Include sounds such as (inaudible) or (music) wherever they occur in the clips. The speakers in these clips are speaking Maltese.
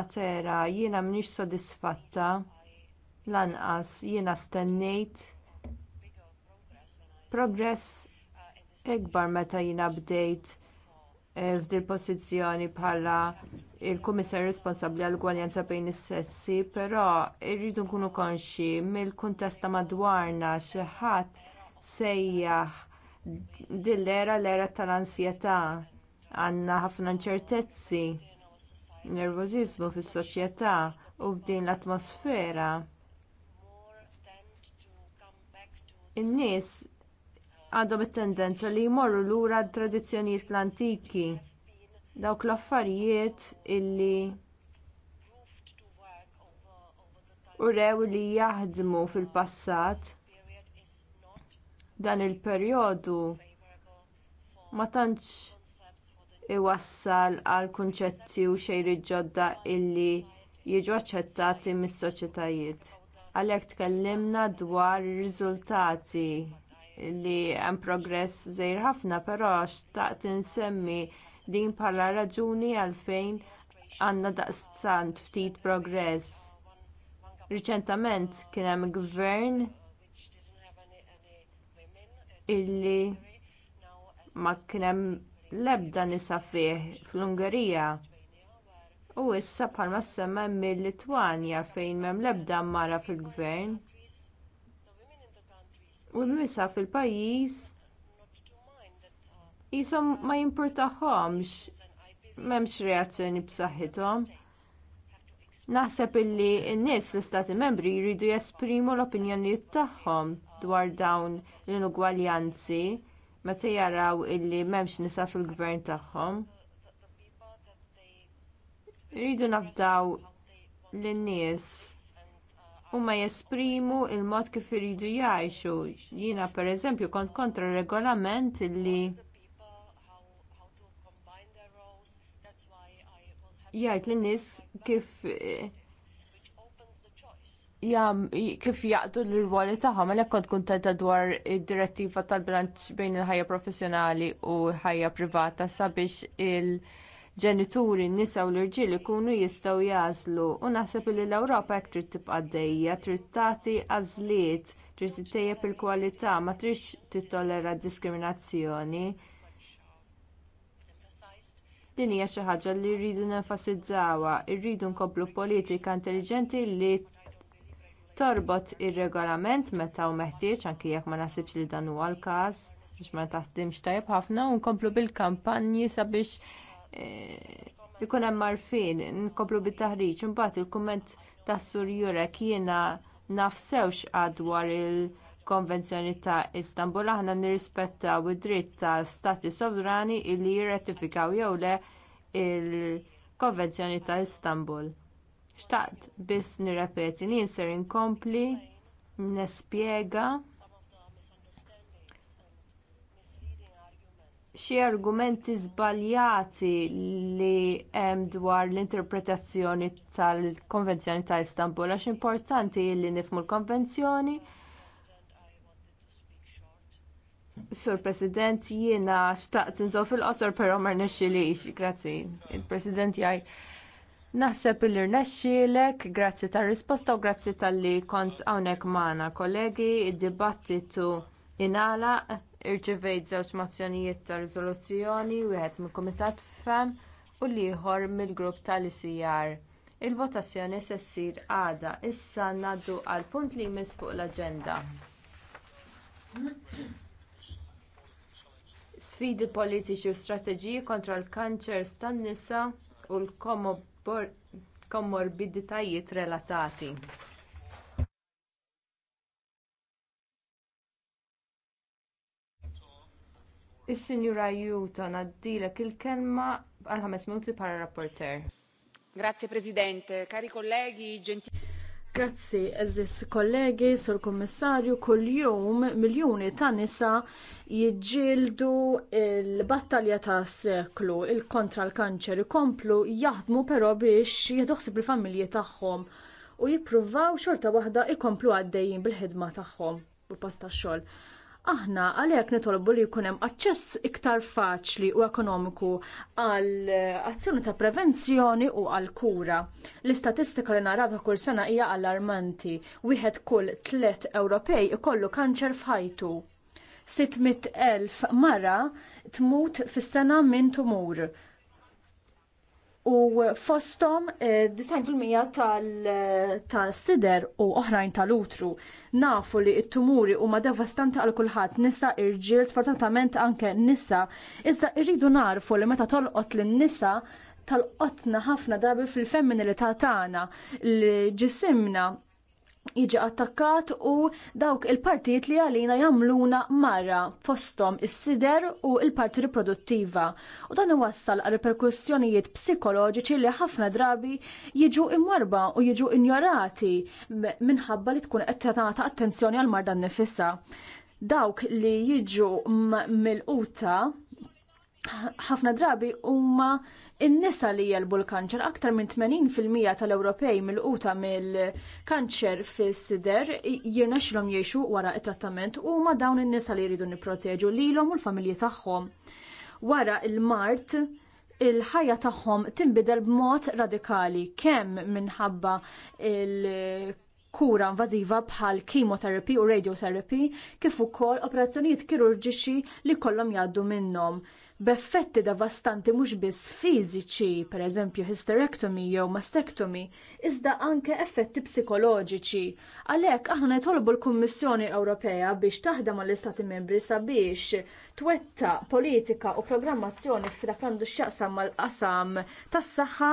Matera, jiena mniex sodisfatta lanqas jiena stennejt progress ikbar meta jiena bdejt eh, f'dil pożizzjoni bħala il-Kummissar responsabbli għall gwaljanza bejn is-sessi, però rridu nkunu konxi mill kuntesta madwarna xi ħadd sejjaħ din l-era l-era tal-ansjetà għandna ħafna inċertezzi nervożiżmu fis-soċjetà u f'din l-atmosfera in-nies għandhom it-tendenza li jmorru lura t tradizzjonijiet l-antiki dawk l-affarijiet illi urew li jaħdmu fil-passat dan il-perjodu ma tantx iwassal għal kunċetti u xejri ġodda illi jiġu aċċettati mis-soċjetajiet. Għalhekk tkellimna dwar ir-riżultati li hemm progress żgħir ħafna, però xtaqt insemmi din bħala raġuni għalfejn għandna daqstant ftit progress. Riċentament kien hemm gvern illi ma kien hemm l-ebda nisa fih fl-Ungerija. U issa bħalma semma mill-Litwanja fejn m'hemm l-ebda mara fil-gvern. U n-nisa fil-pajjiż jisom ma jimpurtahomx m'hemmx reazzjoni b'saħħithom. Naħseb illi n-nies fl-Istati Membri jridu jesprimu l-opinjonijiet tagħhom dwar dawn l-inugwaljanzi meta jaraw illi m'hemmx nisa fil-gvern tagħhom. Rridu nafdaw lin-nies huma jesprimu l mod kif iridu jgħixu. Jiena pereżempju kont kontra regolament li jgħid lin-nies kif eh, jam kif jaqdu l-rwoli taħħa, ma kont kontenta dwar id-direttiva tal-bilanċ bejn il-ħajja professjonali u l-ħajja privata sabiex il-ġenituri n-nisa u l-irġiel ikunu jistgħu jazlu u naħseb li l-Ewropa hekk trid tibqa' dejja, trid tagħti għażliet, trid tittejjeb il-kwalità, ma tridx tittolera d diskriminazzjoni. Din hija xi ħaġa li rridu nenfasizzawha, irridu nkomplu politika intelligenti li torbot ir-regolament meta hu meħtieġ anke jekk ma naħsibx li dan huwa l-każ biex ma taħdimx tajjeb ħafna u nkomplu bil-kampanji sabiex eh, ikun hemm marfin, nkomplu bit-taħriġ, imbagħad il-kumment tas-sur Jurek jiena nafsewx għadwar il-Konvenzjoni ta' Istanbul aħna nirrispettaw id-dritt ta' stati sovrani li jirratifikaw jew le il-Konvenzjoni ta' Istanbul. Xtaqt biss nirrepeti li jinser inkompli, nespjega xi argumenti żbaljati li hemm dwar l-interpretazzjoni tal-Konvenzjoni ta' Istanbul għax importanti li nifhmu l-Konvenzjoni. Sur President, jiena xtaqt nżof fil-qosor, pero ma rnexxilix, grazzi. Il-President jgħid Naħseb illi rnexxielek, grazzi tar risposta u grazzi tal-li kont hawnhekk magħna. Kollegi, id-dibattitu inala irċivejt żewġ mozzjonijiet ta' riżoluzzjoni wieħed mill-Kumitat FEM u l-ieħor mill-grupp tal-ICR. Il-votazzjoni se ssir għada issa ngħaddu għal punt li jmiss fuq l-aġenda. Sfidi politiċi u strateġiji kontra l kanċer tan-nisa u l-komob komorbiditajiet relatati. Is-Sinjura Juton għaddilek il-kelma għal ħames minuti para rapporter. Grazie Presidente, cari colleghi, gentili. Grazzi, eżis kollegi, sur kommissarju, kull-jum miljoni ta' nisa jiġġieldu l battalja ta' seklu, il-kontra l-kanċer, ikomplu jaħdmu però biex jieħduħsib il-familji tagħhom u jippruvaw xorta waħda ikomplu għaddejjin bil-ħidma tagħhom u post tax-xogħol. Aħna għalhekk nitolbu li jkun hemm aċċess iktar faċli u ekonomiku għal azzjoni ta' prevenzjoni u għal kura. L-istatistika li naraw kull sena hija allarmanti. Wieħed kull tliet Ewropej ikollu kanċer f'ħajtu. 600,000 mara tmut fis-sena minn tumur u fostom 90% eh, eh, tal-sider u oħrajn tal-utru. Nafu li t-tumuri huma devastanti għal kulħadd nisa irġiel, sfortunatament anke nisa, iżda irridu narfu li meta tolqot lin nisa tal-qotna ħafna drabi fil-femminilità tagħna li ġisimna jiġi attakkat u dawk il-partijiet li għalina jamluna marra fostom is-sider u il-parti riproduttiva. U dan iwassal għal reperkussjonijiet psikoloġiċi li ħafna drabi jiġu imwarba u jiġu injorati minħabba li tkun għettatata attenzjoni għal marda nifissa. Dawk li jiġu mill-quta ħafna drabi huma in-nisa li jelbu l-kanċer aktar minn 80% tal-Ewropej mill-quta mill-kanċer fis-sider jirnexxilhom jgħixu wara t-trattament huma dawn in-nisa li jridu nipproteġu lilhom u l-familji tagħhom. Wara il-Mart il-ħajja tagħhom tinbidel b'mod radikali kemm minħabba il- kura invażiva bħal chemotherapy u radiotherapy kif ukoll operazzjonijiet kirurġiċi li kollhom jgħaddu minnhom b'effetti devastanti mhux biss fiżiċi, pereżempju hysterectomy jew mastectomy, iżda anke effetti psikoloġiċi. Għalhekk aħna nitolbu l-Kummissjoni Ewropea biex taħdem mal-Istati Membri sabiex twetta politika u programmazzjoni f'dak għandu x'jaqsam mal-qasam tas-saħħa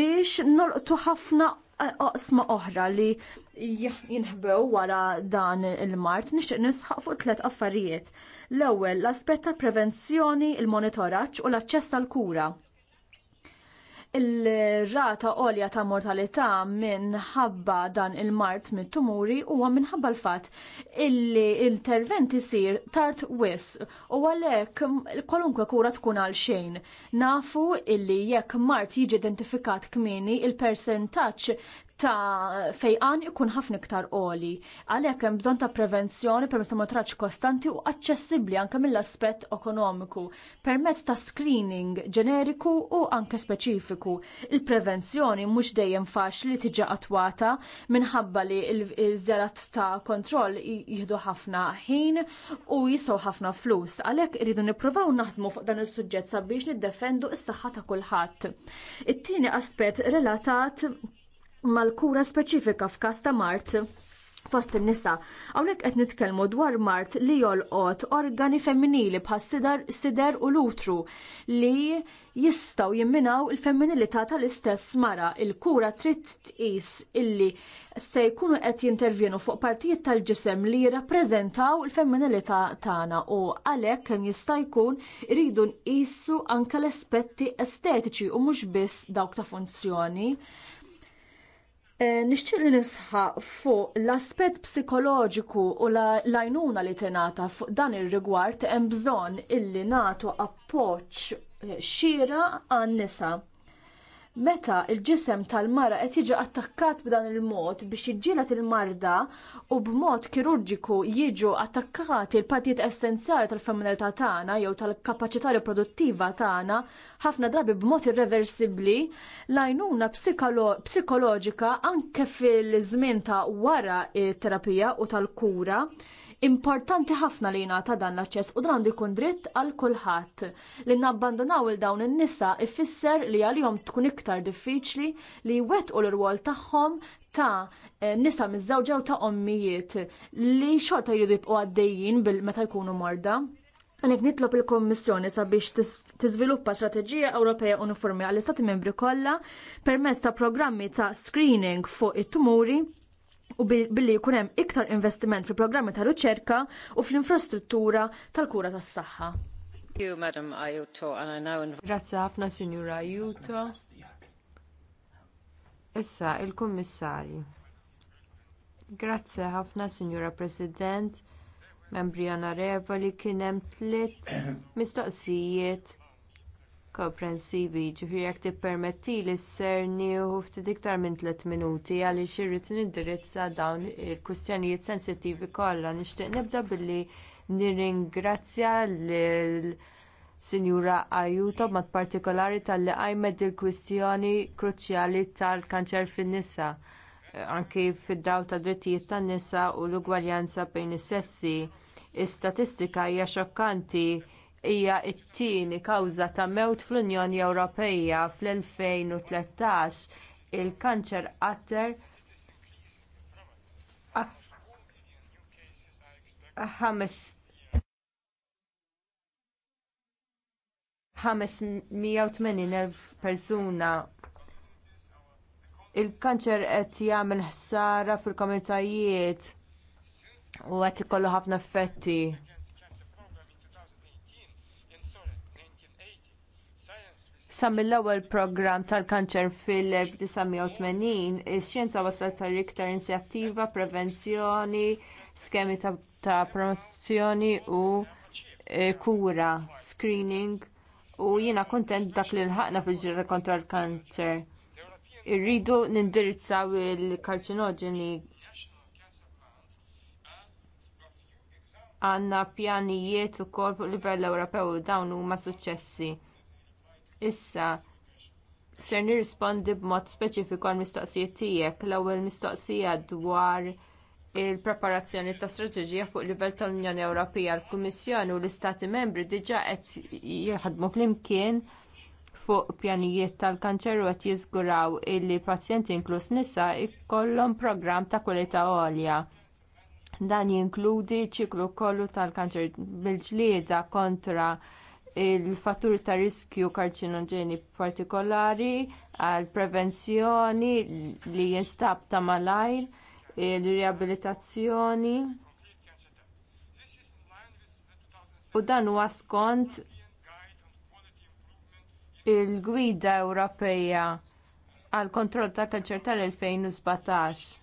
biex nolqtu ħafna oqsma oħra li jinħbew wara dan il-mart nixtieq nisħaq fuq tliet affarijiet. L-ewwel l-aspett tal-prevenzjoni, il-monitoraġġ u l-aċċess tal-kura. Il-rata għolja ta' mortalità minħabba dan il-mart mit tumuri huwa minħabba l-fatt illi l-interventi sir tard wis u għalhekk kwalunkwe kura tkun għal xejn. Nafu illi jekk mart jiġi identifikat kmieni il-persentaġġ ta' fejqan ikun ħafna iktar qoli. Għalhekk hemm bżonn ta' prevenzjoni permezz ta' monitoraġġ kostanti u aċċessibbli anke mill-aspett ekonomiku permezz ta' screening ġeneriku u anke speċifiku. Il-prevenzjoni mhux dejjem faċli tiġi attwata minħabba li l-żjarat ta' kontroll jieħdu ħafna ħin u jisgħu ħafna flus. Għalhekk irridu nippruvaw naħdmu fuq dan is-suġġett sabiex niddefendu s-saħħa ta' kulħadd. It-tieni aspett relatat mal-kura speċifika f'każ ta' Mart fost in-nisa. Hawnhekk qed nitkellmu dwar Mart li jolqot organi femminili bħas sidar, sider u lutru li jistgħu jimminaw il-femminilità tal-istess mara. Il-kura trid tqis illi se jkunu qed jintervjenu fuq partijiet tal-ġisem li jirrappreżentaw il-femminilità tagħna u għalhekk kemm jista' jkun iridu nqisu anke l-aspetti estetiċi u mhux biss dawk ta' funzjoni. Eh, nixtieq li nisħaq fuq l-aspett psikoloġiku u l-għajnuna li tingħata fuq dan ir-rigward hemm bżonn illi nagħtu appoġġ eh, xira għan-nisa Meta il-ġisem tal-mara qed jiġi attakkat b'dan il-mod biex jiġġielet il-marda u b'mod kirurġiku jiġu attakkati l-partijiet essenzjali tal-femminilità tagħna jew tal-kapaċità riproduttiva tagħna ħafna drabi b'mod irreversibbli l-għajnuna psikoloġika anke fil-żmien ta' wara t terapija u tal-kura Importanti ħafna li ta' dan l-aċċess u dan għandu jkun dritt għal kulħadd. Li nabbandonaw il dawn in-nisa ifisser li għalihom tkun iktar diffiċli li jwettqu l-rwol tagħhom ta' eh, nisa miż-żewġa ta' ommijiet li xorta jridu jibqgħu għaddejjin bil-meta jkunu morda. Għanek nitlob il-Kommissjoni sabiex tiżviluppa strateġija Ewropea uniformi għall istati membri kollha permezz ta' programmi ta' screening fuq it-tumuri u billi jkun hemm iktar investiment fil programmi ta' riċerka u fl-infrastruttura tal-kura tas-saħħa. Grazzi ħafna Signora Ayuto. Issa il-Kummissarju. Grazzi ħafna Sinjura President, membri onorevoli kien hemm tliet (coughs) mistoqsijiet komprensivi, ġifiri jek tippermetti li s-ser nieħu ftit iktar minn tliet minuti għaliex irrid nindirizza dawn il-kwistjonijiet sensittivi kollha. Nixtieq nibda billi nirringrazzja lil Sinjura Ajuto mat partikolari tal-li għajmed il-kwistjoni kruċjali tal-kanċer fin-nisa eh, anki fid-daw ta' drittijiet tan-nisa u l-ugwaljanza bejn is-sessi. Is-statistika hija xokkanti hija t-tieni kawża ta' mewt fl-Unjoni Ewropea fl-2013 il-kanċer qatter ħames 580.000 persuna il-kanċer qed jagħmel ħsara fil-komunitajiet u qed ikollu ħafna effetti Sa mill-ewwel programm tal-kanċer fil-1980, ix-xjenza waslet tal iktar inizjattiva, prevenzjoni, skemi ta', ta promozzjoni u e, kura, screening u jiena kuntent dak li l-ħakna fil-ġirra kontra l-kanċer. Irridu nindirizzaw il-karċinoġeni għanna pjanijiet ukoll fuq livell Ewropew dawn huma suċċessi. Issa, ser nirrispondi b'mod speċifiku għall mistoqsijiet tiegħek l-ewwel mistoqsija dwar il-preparazzjoni ta' strateġija fuq livell tal-Unjoni Ewropea l-Kummissjoni u l-Istati Membri diġà qed jaħdmu flimkien fuq pjanijiet tal-kanċer u qed jiżguraw illi pazjenti inkluż nisa jkollhom programm ta' kwalità għolja. Dan jinkludi ċiklu kollu tal-kanċer bil-ġlieda kontra il-fatturi ta' riskju karċinoġeni partikolari għal prevenzjoni li jinstab ta' malajr, il-riabilitazzjoni. U dan huwa skont il-gwida Ewropeja għal kontroll ta' kanċer tal-2017.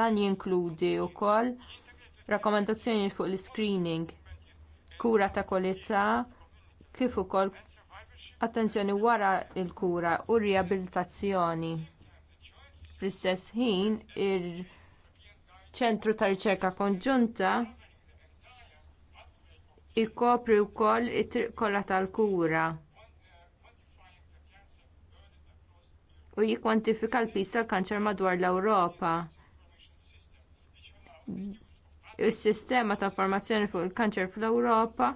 Dan jinkludi wkoll rakkomandazzjoni fuq l iscreening kura ta' kwalità kif ukoll attenzjoni wara l-kura u r riabilitazzjoni. Fl-istess ħin il-ċentru ta' riċerka konġunta ikopri wkoll it-triq kollha tal-kura. u jikkwantifika l-pis tal-kanċer madwar l-Ewropa is-sistema ta' formazzjoni fuq il-kanċer fl-Ewropa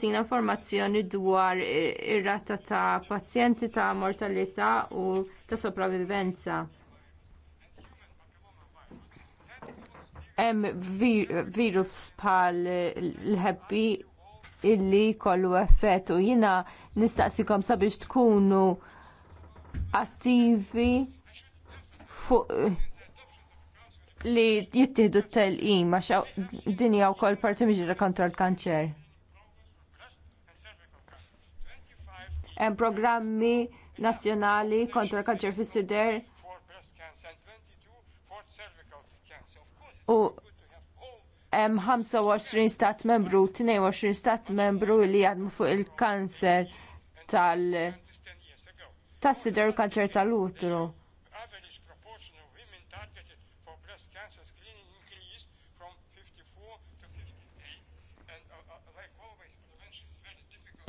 tina formazzjoni dwar ir-rata ta' pazjenti ta' mortalità u ta' sopravvivenza. Hemm virus bħal l-ħebbi illi kollu effett u jiena nistaqsikom sabiex tkunu attivi fuq li jittihdu t-telqim għax dinja u kol parti miġra kontra l-kanċer. Hemm programmi nazzjonali kontra l-kanċer fis-sider u hemm 25 stat membru, 22 stat membru li jadmu fuq il-kanċer tal tas-sider u kanċer tal-utru.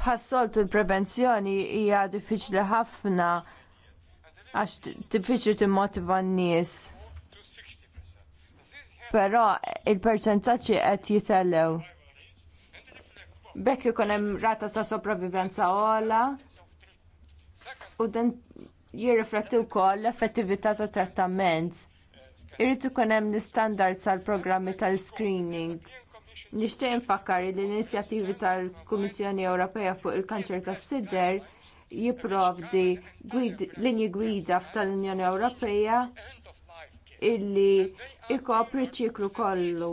bħassoltu il prevenzjoni hija diffiċli ħafna għax diffiċli timmotiva n-nies. Però il-perċentaġġi qed jitellew. Bekk ikun hemm rata ta' sopravivenza ola u dan jirrifletti wkoll l-effettività tat trattament. Irrid ikun hemm l-istandards għall programmi tal-screening Nixtieq infakkar li l-inizjattivi tal-Kummissjoni Ewropea fuq il-kanċer tas-sider jipprovdi linji gwida tal-Unjoni Ewropea illi ikopri ċiklu kollu.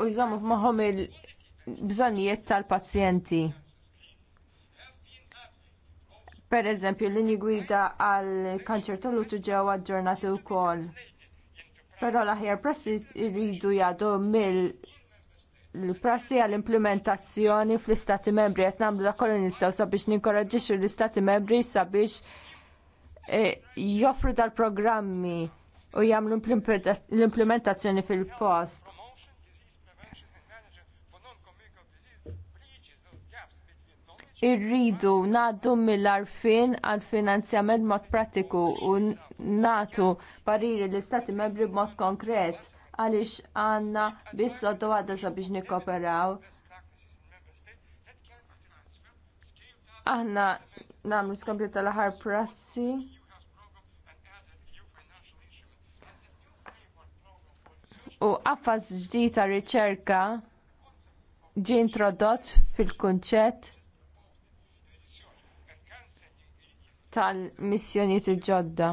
U jżommu f'maħom il-bżonijiet tal-pazjenti. Per eżempju, l-linji gwida għal kanċer tal-lutu ġewa ġurnati u koll però l-aħjar prassi rridu jadu mill l-prassi għall-implementazzjoni fl-istati membri qed nagħmlu da kollu nistgħu sabiex ninkoraġġixxu l-istati membri sabiex e, joffru dal-programmi u jagħmlu l-implementazzjoni fil-post. Irridu ngħaddu mill-arfin għall finanzjament mod pratiku u natu pariri l-istati membri b'mod konkret għaliex għandna biss għaddu għadda sabiex nikkooperaw. Aħna nagħmlu skompju tal-aħħar prassi. U għaffas ġdid ta' riċerka ġie introdott fil-kunċett tal-missjonijiet il-ġodda. ġodda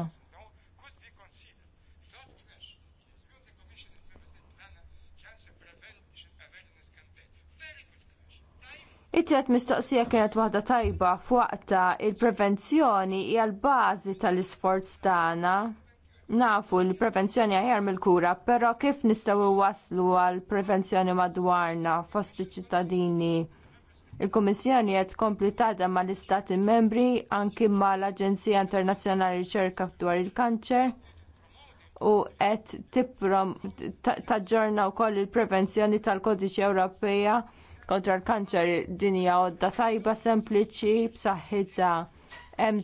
it mistoqsija kienet waħda tajba fuqta il-prevenzjoni hija l-bażi tal-isforz tagħna. Nafu il prevenzjoni aħjar mill-kura, però kif nistgħu waslu għal prevenzjoni madwarna fost iċ-ċittadini? Il-Kummissjoni qed tkompli tagħdem mal-Istati Membri anki mal-Aġenzija Internazzjonali Riċerka dwar il-Kanċer u qed tipprom taġġorna wkoll il-prevenzjoni tal-Kodiċi Ewropea kontra l-kanċer dinja għodda tajba sempliċi b'saħħitha. Hemm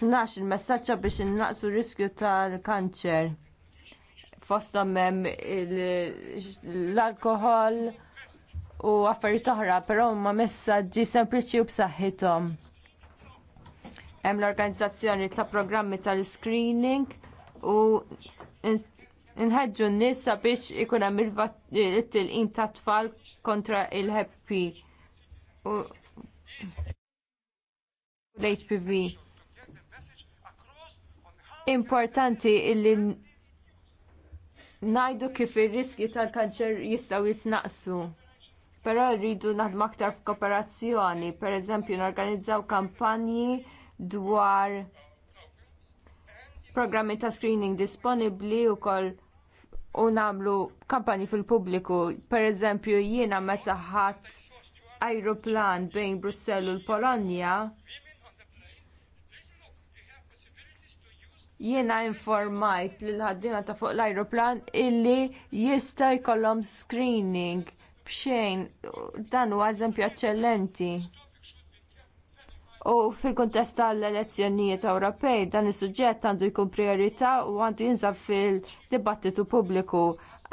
tnax il-messaġġa biex innaqsu r-riskju tal-kanċer. Fosthom hemm l-alkohol u affarijiet oħra, però huma messaġġi sempliċi u b'saħħithom. Hemm l-organizzazzjoni ta' programmi tal-screening u nħedġu n-nies sabiex ikun hemm il-tilqim ta' tfal kontra il-HPV u l-HPV. Importanti illi ngħidu kif ir-riski tal-kanċer jistgħu jisnaqsu. Però rridu naħdmu aktar f'kooperazzjoni, pereżempju norganizzaw kampanji dwar programmi ta' screening disponibbli wkoll u nagħmlu kampani fil-pubbliku. pereżempju jiena meta ħadd ajruplan bejn Brussell u l-Polonja, jiena informajt lil ħaddiema ta' fuq l-ajruplan illi jista' jkollhom screening b'xejn dan huwa eżempju eċċellenti u fil-kontest tal-elezzjonijiet Ewropej dan is-suġġett għandu jkun priorità u għandu jinżab fil-dibattitu pubbliku.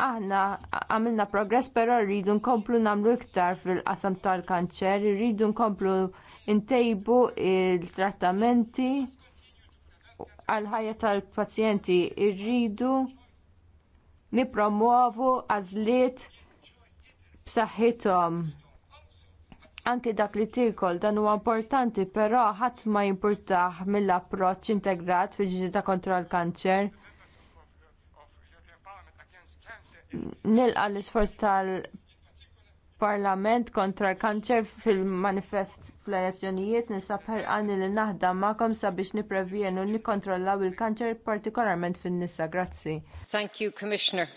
Aħna għamilna progress però rridu nkomplu nagħmlu iktar fil-qasam tal-kanċer, rridu nkomplu ntejbu il-trattamenti għal-ħajja tal-pazjenti rridu nipromuovu għażliet b'saħħithom anke dak li tikol dan huwa importanti, però ħadd ma jimpurtah mill-approċċ integrat fil ta' kontra l-kanċer. Nilqa l-isforz tal-Parlament kontra l-kanċer fil-manifest fl-elezzjonijiet nisab ħerqani li naħdem magħkom sabiex niprevjenu nikkontrollaw il-kanċer partikolarment fin-nisa. Grazzi. Thank you, Commissioner.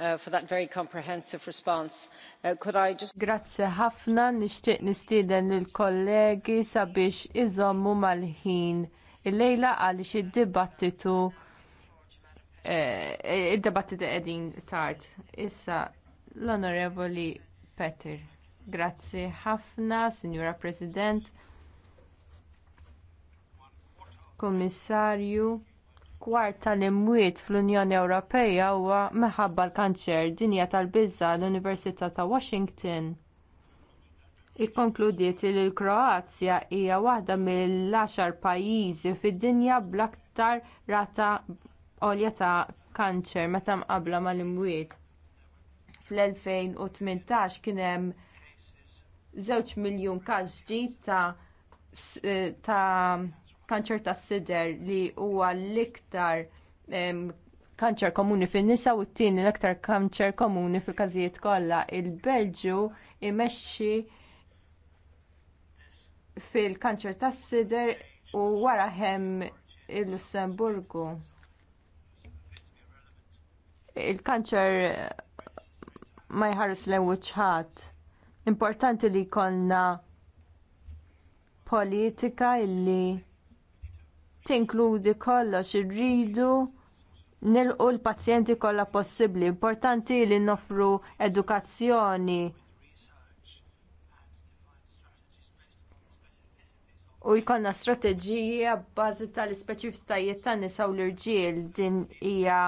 Uh, for that very comprehensive response. Uh, could I just... Grazie ħafna nixtieq nistieden lill kollegi sabiex iżommu mal-ħin illejla għaliex id-dibattitu eh, id-dibattitu qegħdin tard. Issa l-Onorevoli Peter. Grazzi ħafna, Signora President, Commissario kwart tal-imwiet fl-Unjoni Ewropea huwa minħabba l-kanċer dinja tal-biża l-Università ta' Washington. Ikkonkludiet li l-Kroazja hija waħda mill-10 pajjiżi fid-dinja bl-aktar rata għolja ta' kanċer meta mqabbla mal-imwiet. Fl-2018 kien hemm 2 miljun każ ġdid ta' eh, kanċer tas-sider li huwa l-iktar kanċer komuni fin-nisa u t-tieni l iktar kanċer komuni fil-każijiet kollha. Il-Belġu imexxi fil-kanċer tas-sider u wara hemm il-Lussemburgu. Il-kanċer ma jħares l-ewwel Importanti li jkollna politika illi tinkludi kollox irridu nilqu l-pazjenti kollha possibbli. Importanti li noffru edukazzjoni u jkollna strateġija bbażi tal-ispeċifitajiet tan nisa u l-irġiel din hija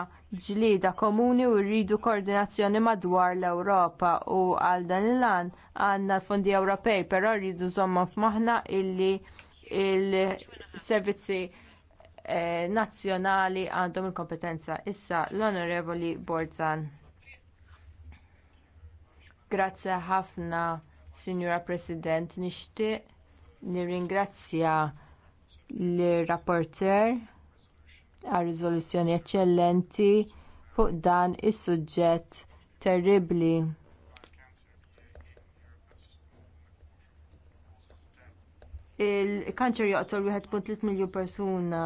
ġlieda komuni u rridu koordinazzjoni madwar l-Ewropa u għal dan il-lan għandna l-fondi Ewropej, però rridu żomma f'maħna illi il-servizzi Eh, nazzjonali għandhom il-kompetenza. Issa l-Onorevoli Borzan. Grazzi ħafna, Signora President. Nixtieq nirringrazzja l-rapporter għal riżoluzzjoni eċċellenti fuq dan is-suġġett terribbli. il-kanċer joqtol 1.3 miljon persuna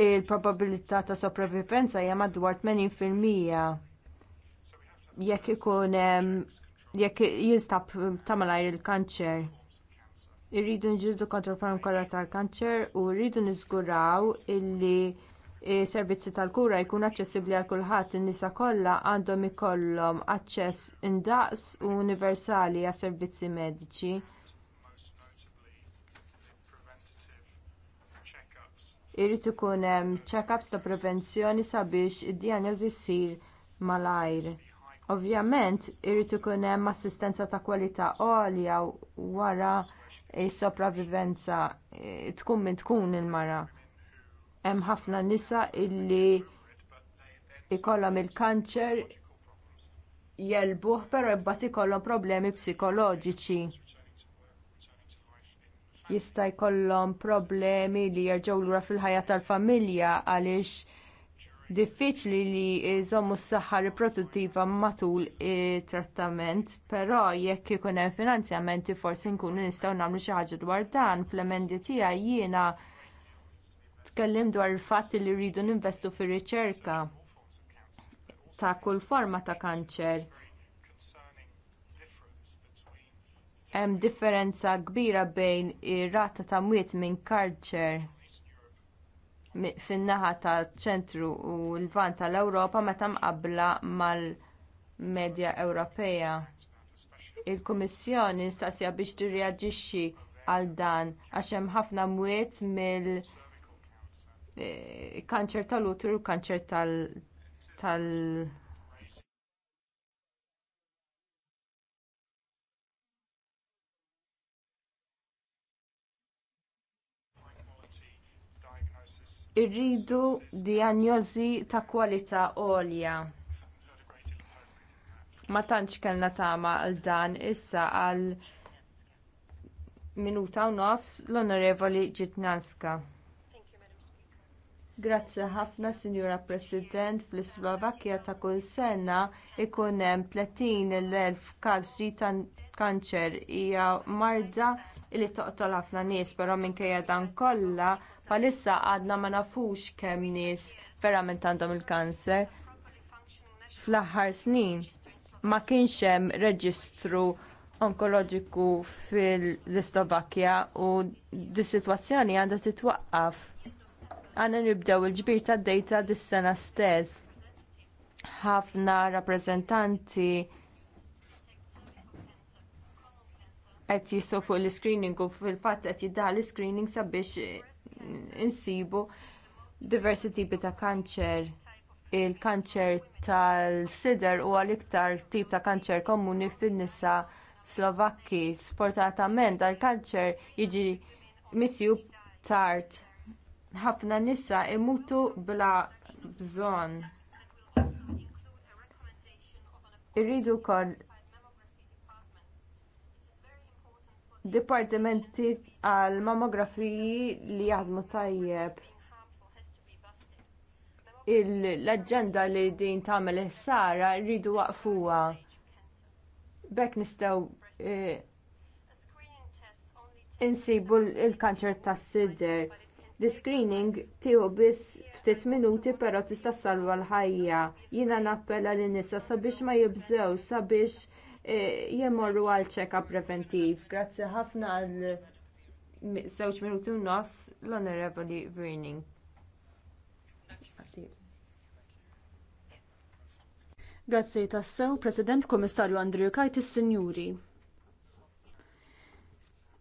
il-probabilità ta' sopravvivenza hija madwar 80%. Jekk ikun jekk jinstab ta' malajr il-kanċer. Irridu nġildu kontra form kollha tal-kanċer u rridu niżguraw illi servizzi tal-kura jkun aċċessibbli għal kulħadd in-nisa kollha għandhom ikollhom aċċess indaqs u universali għas servizzi mediċi. Irrid ikun hemm check-ups ta' prevenzjoni sabiex id-dijanjosi ssir malajr. Ovvjament, irrid ikun hemm assistenza ta' kwalità għolja wara s sopravivenza eh, tkun min tkun il-mara. Hemm ħafna nisa illi ikollhom il-kanċer jelbuh però jibbat ikollhom problemi psikoloġiċi jista' jkollhom problemi li jerġgħu lura fil-ħajja tal-familja għaliex diffiċli li jżommu s-saħħa riproduttiva matul it trattament, però jekk ikun hemm finanzjamenti forsi nkunu nistgħu nagħmlu xi ħaġa dwar dan fl-emendi tiegħi jiena tkellim dwar il-fatt li rridu ninvestu fir-riċerka ta' kull forma ta' kanċer hemm differenza kbira bejn ir-rata ta' mwiet minn karċer fin-naħa taċ ċentru u l-vant tal-Ewropa meta mqabbla mal-medja Ewropea. Il-Kummissjoni nistaqsija biex tirreaġixxi għal dan għax hemm ħafna mwiet mill eh, kanċer tal-utru u kanċer tal-, -tal irridu dijanjosi ta' kwalità għolja. Ma tantx kellna tama għal dan issa għal minuta u nofs l-Onorevoli Ġitnanska. Grazzi ħafna, Sinjura President, fl-Slovakkja ta' kull sena ikun hemm mill-elf każ ta' kanċer hija marda li toqtol ħafna nies, però minkejja dan kollha Bħalissa għadna ma nafux kemm nies verament għandhom il-kanser. Fl-aħħar snin ma kienx hemm reġistru onkoloġiku fil-Slovakkja u di sitwazzjoni għandha titwaqqaf. Għandna nibdew il-ġbir tad dejta dis-sena stess. Ħafna rappreżentanti qed jisu fuq l-screening u fil-fatt qed jidda l-screening sabiex insibu diversi tipi ta' kanċer. Il-kanċer tal-sider huwa l-iktar tip ta' kanċer komuni fin-nisa Slovakki. Sfortunatament dal-kanċer jiġi misjub tard. Ħafna nisa imutu bla bżonn. Irridu wkoll dipartimenti għal mammografiji li jaħdmu tajjeb l-aġenda li din tagħmel is-sara rridu waqfuha. B'hekk nistgħu eh, insibu l-kanċer tas-sider. L-screening tieħu biss ftit minuti però tista' salva l-ħajja. Jiena nappella lin nisa sabiex ma jibżew sabiex Eh, morru għal check-up preventiv. Grazzi ħafna għal sewċ minuti nos l-Onorevoli Verning. Grazzi tassew, President Komissarju Andrew Kajtis Sinjuri.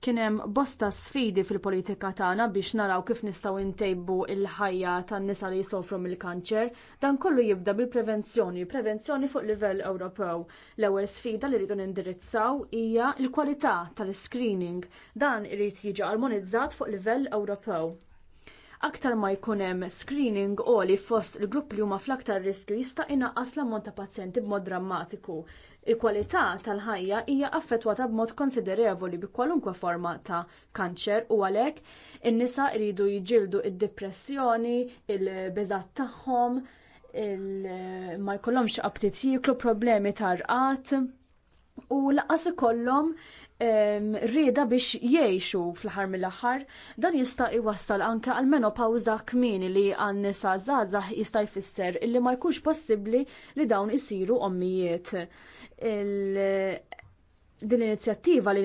Kien hemm bosta sfidi fil-politika tagħna biex naraw kif nistgħu ntejbu l ħajja tan-nisa li jsofru mill-kanċer, dan kollu jibda bil-prevenzjoni, prevenzjoni fuq livell Ewropew. L-ewwel sfida li rridu nindirizzaw hija l-kwalità tal-screening. Dan irid jiġi armonizzat fuq livell Ewropew aktar ma jkun hemm screening għoli fost il-grupp li huma fl-aktar riskju jista' inaqqas l-ammont ta' pazjenti b'mod drammatiku. Il-kwalità tal-ħajja hija affettwata b'mod konsiderevoli bi kwalunkwe forma ta' kanċer u għalhekk in-nisa jridu jiġildu id-depressjoni, il-beżat tagħhom, ma jkollhomx qabtit jieklu problemi ta' rqat u laqas ikollhom rrieda biex jgħixu fl-ħar mill-aħħar, dan jista' iwassal anke għal menopawza kmini li għan nisa żgħażagħ jista' jfisser illi ma jkunx possibbli li dawn isiru ommijiet din l-inizjattiva li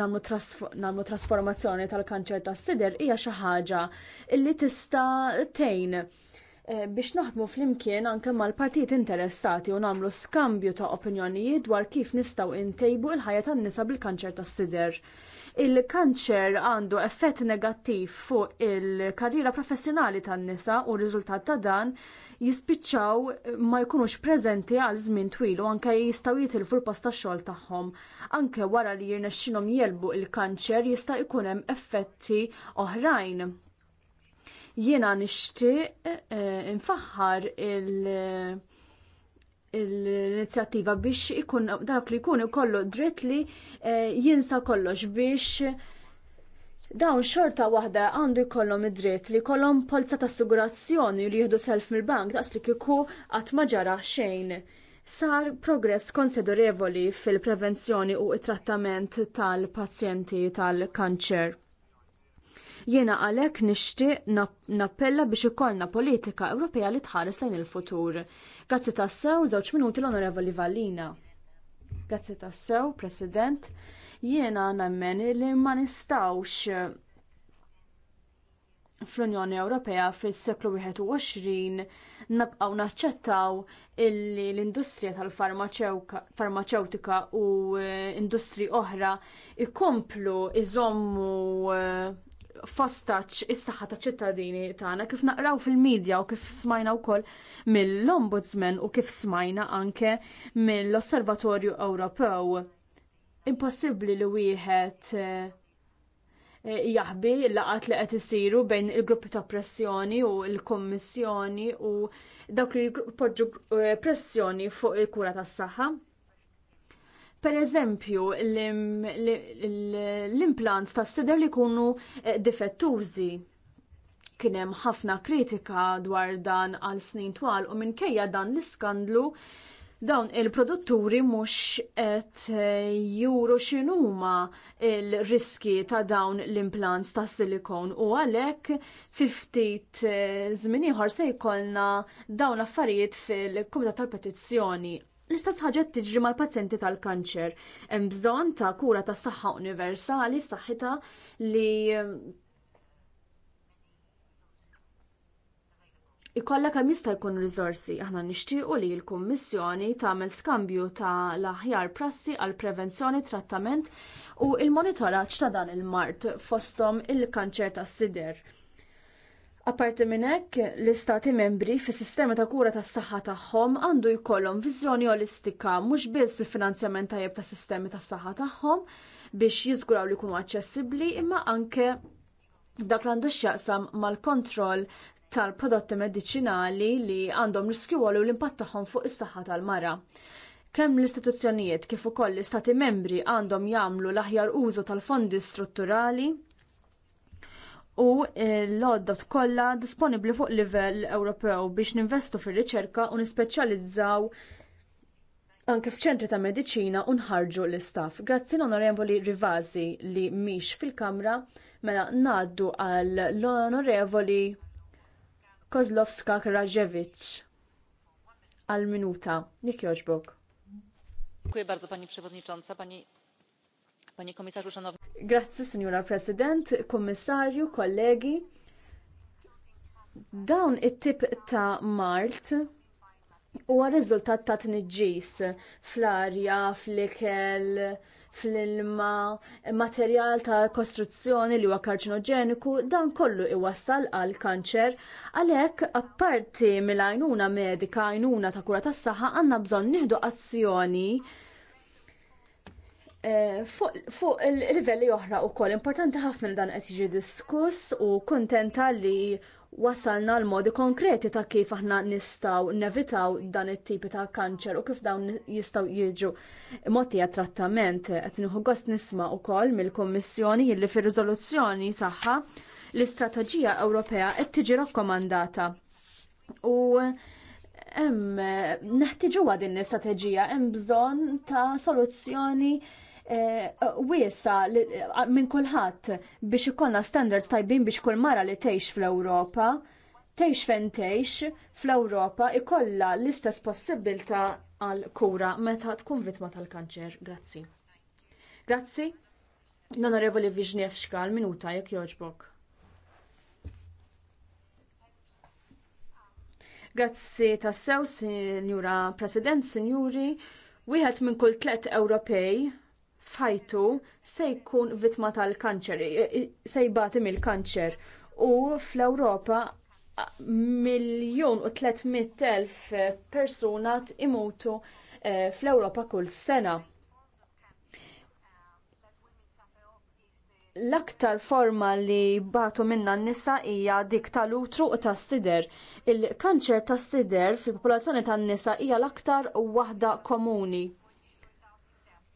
namlu trasformazzjoni tal-kanċer tas sider hija xi ħaġa li tista' tejn eh, biex naħdmu flimkien anke mal-partit interessati u nagħmlu skambju ta' opinjonijiet dwar kif nistgħu ntejbu l-ħajja tan-nisa bil-kanċer tas sider il-kanċer għandu effett negattiv fuq il-karriera professjonali tan-nisa u r-riżultat ta' dan jispiċċaw ma jkunux preżenti għal żmien twil u anke jistgħu jitilfu l-post tax-xogħol tagħhom. Anke wara li jirnexxinhom jelbu il-kanċer jista' jkun hemm effetti oħrajn. Jiena nixtieq eh, infaħħar il- l-inizjattiva biex ikun dak li jkun ikollu dritt li eh, jinsa kollox biex dawn xorta waħda għandu jkollhom id-dritt li jkollhom polza ta' assigurazzjoni li jieħdu self mill-bank daqslik li kieku qatt ma ġara xejn. Sar progress konsiderevoli fil-prevenzjoni u t trattament tal-pazjenti tal-kanċer. Jiena għalhekk nixtieq nappella biex ikollna politika Ewropea li tħares lejn il-futur. Grazzi tassew, żewġ minuti l-Onorevoli Vallina. Grazzi tassew, President. Jiena nemmen li ma nistawx eh, fl-Unjoni Ewropea fis-seklu 21 nabqgħu naċċettaw illi l-industrija tal-farmaceutika u eh, industri oħra ikomplu iżommu eh, fostaċ is-saħħa ta' ċittadini tagħna kif naqraw fil-medja u kif smajna wkoll mill-Ombudsman u kif smajna anke mill-Osservatorju Ewropew. Impossibbli li wieħed eh, jaħbi laqat li qed isiru bejn il-gruppi ta' pressjoni u l-Kommissjoni u dawk li poġġu eh, pressjoni fuq il-kura tas-saħħa. Per eżempju, l-implants ta' sider li kunu eh, difettużi kien hemm ħafna kritika dwar dan għal snin twal u minkejja dan l-iskandlu dawn il-produtturi mhux qed eh, juru x'inhuma il-riski ta' dawn l-implants ta' silikon u għalhekk fi ftit eh, żmien ieħor se jkollna dawn affarijiet fil komitat tal-Petizzjoni L-istess ħaġa tiġri mal-pazjenti tal-kanċer. Hemm bżonn ta' kura ta' saħħa universali f'saħħitha li ehm, ikolla kemm jista' jkun riżorsi. Aħna nixtiequ li l-Kummissjoni tagħmel skambju ta' l-aħjar prassi għal prevenzjoni, trattament u il-monitoraġġ ta' dan il-mart fosthom il-kanċer tas-sider Apparti minn hekk, l-istati membri fis sistema ta' kura tas saħħa tagħhom għandu jkollhom viżjoni olistika mhux biss fil-finanzjament tajjeb tas sistemi tas saħħa tagħhom biex jiżguraw li jkunu aċċessibbli imma anke dak l għandu x'jaqsam mal-kontroll tal-prodotti mediċinali li għandhom riskju u l-impatt tagħhom fuq is-saħħa tal-mara kemm l-istituzzjonijiet kif ukoll l-istati membri għandhom jagħmlu l-aħjar użu tal-fondi strutturali u l għodda kollha disponibbli fuq livell Ewropew biex ninvestu fir-riċerka u nispeċjalizzaw anke f'ċentri ta' mediċina u nħarġu l-istaff. Grazzi l-Onorevoli Rivazi li mhix fil-Kamra mela ngħaddu għal l-Onorevoli Kozlovska Krajevic għal minuta. Jekk jogħġbok. Dziękuję bardzo Pani Przewodnicząca, Pani Pani komisarzu, szanowni. Grazzi, signora President, komisarju, kollegi. Dawn it-tip ta' Mart huwa riżultat ta' tniġġis fl-arja, fl-ikel, fl-ilma, materjal ta' kostruzzjoni li huwa karċinoġeniku, dan kollu iwassal għal kanċer. Għalhekk apparti mill-għajnuna medika, għajnuna ta' kura tas-saħħa għandna bżonn nieħdu azzjoni Eh, fuq il-livelli oħra u koll, importanti ħafna li dan qed jiġi diskuss u kontenta li wasalna l-modi konkreti ta' kif aħna nistaw nevitaw dan it-tipi ta' kanċer u kif dawn jistaw jiġu moti għat trattament. Qed nieħu gost nisma' ukoll mill-Kommissjoni li fir-riżoluzzjoni tagħha l-istrateġija Ewropea qed tiġi rakkomandata. U hemm neħtiġuha din l istrategija hemm bżonn ta' soluzzjoni Eh, wiesa eh, minn kulħadd biex ikollna standards tajbin biex kull mara li tgħix fl-Ewropa tgħix fejn tgħix fl-Ewropa ikollha l-istess possibilità għal kura meta tkun vittma tal-kanċer. Grazzi. Grazzi. L-Onorevoli Viġnevska għal-minuta jekk jogħġbok. Grazzi tassew, Sinjura President, Sinjuri, wieħed minn kull tliet Ewropej Fajtu se jkun vittma tal-kanċer, se jbati mill-kanċer. U fl-Ewropa miljon u 300.000 eh, persuna imutu eh, fl-Ewropa kull sena. L-aktar forma li batu minna n-nisa hija dik tal-utru u tas-sider. Il-kanċer tas-sider fil-popolazzjoni tan-nisa hija l-aktar waħda komuni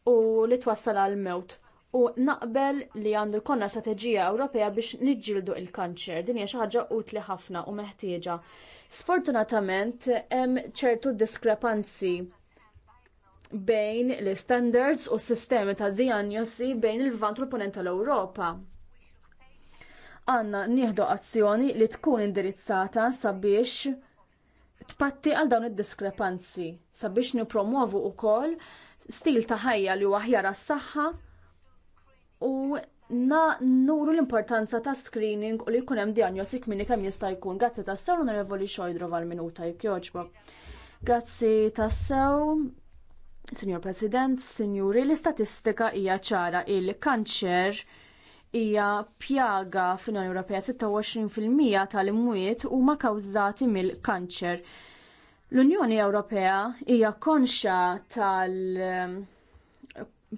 u li twassal għal mewt. U naqbel li għandu jkollna strateġija Ewropea biex niġġieldu il-kanċer. Din hija xi ħaġa utli ħafna u meħtieġa. Sfortunatament hemm ċertu diskrepanzi bejn l istandards u s-sistemi ta' diagnosi bejn il-vant l-ponent tal-Ewropa. Għanna nieħdu azzjoni li tkun indirizzata sabiex tpatti għal dawn id-diskrepanzi sabiex nipromuovu wkoll stil ta' ħajja li huwa aħjar s saħħa u na nuru l-importanza ta' screening u li jkun hemm diagnostik minni kemm jista' jkun. Grazzi ta' sew onorevoli xojdru għal-minuta jekk jkjoġba. Grazzi ta' sew. Signor President, sinjuri, l-istatistika hija ċara il-kanċer hija pjaga fl-Unjoni Ewropea 26% tal-imwiet huma kawżati mill-kanċer. L-Unjoni Ewropea hija konxa tal-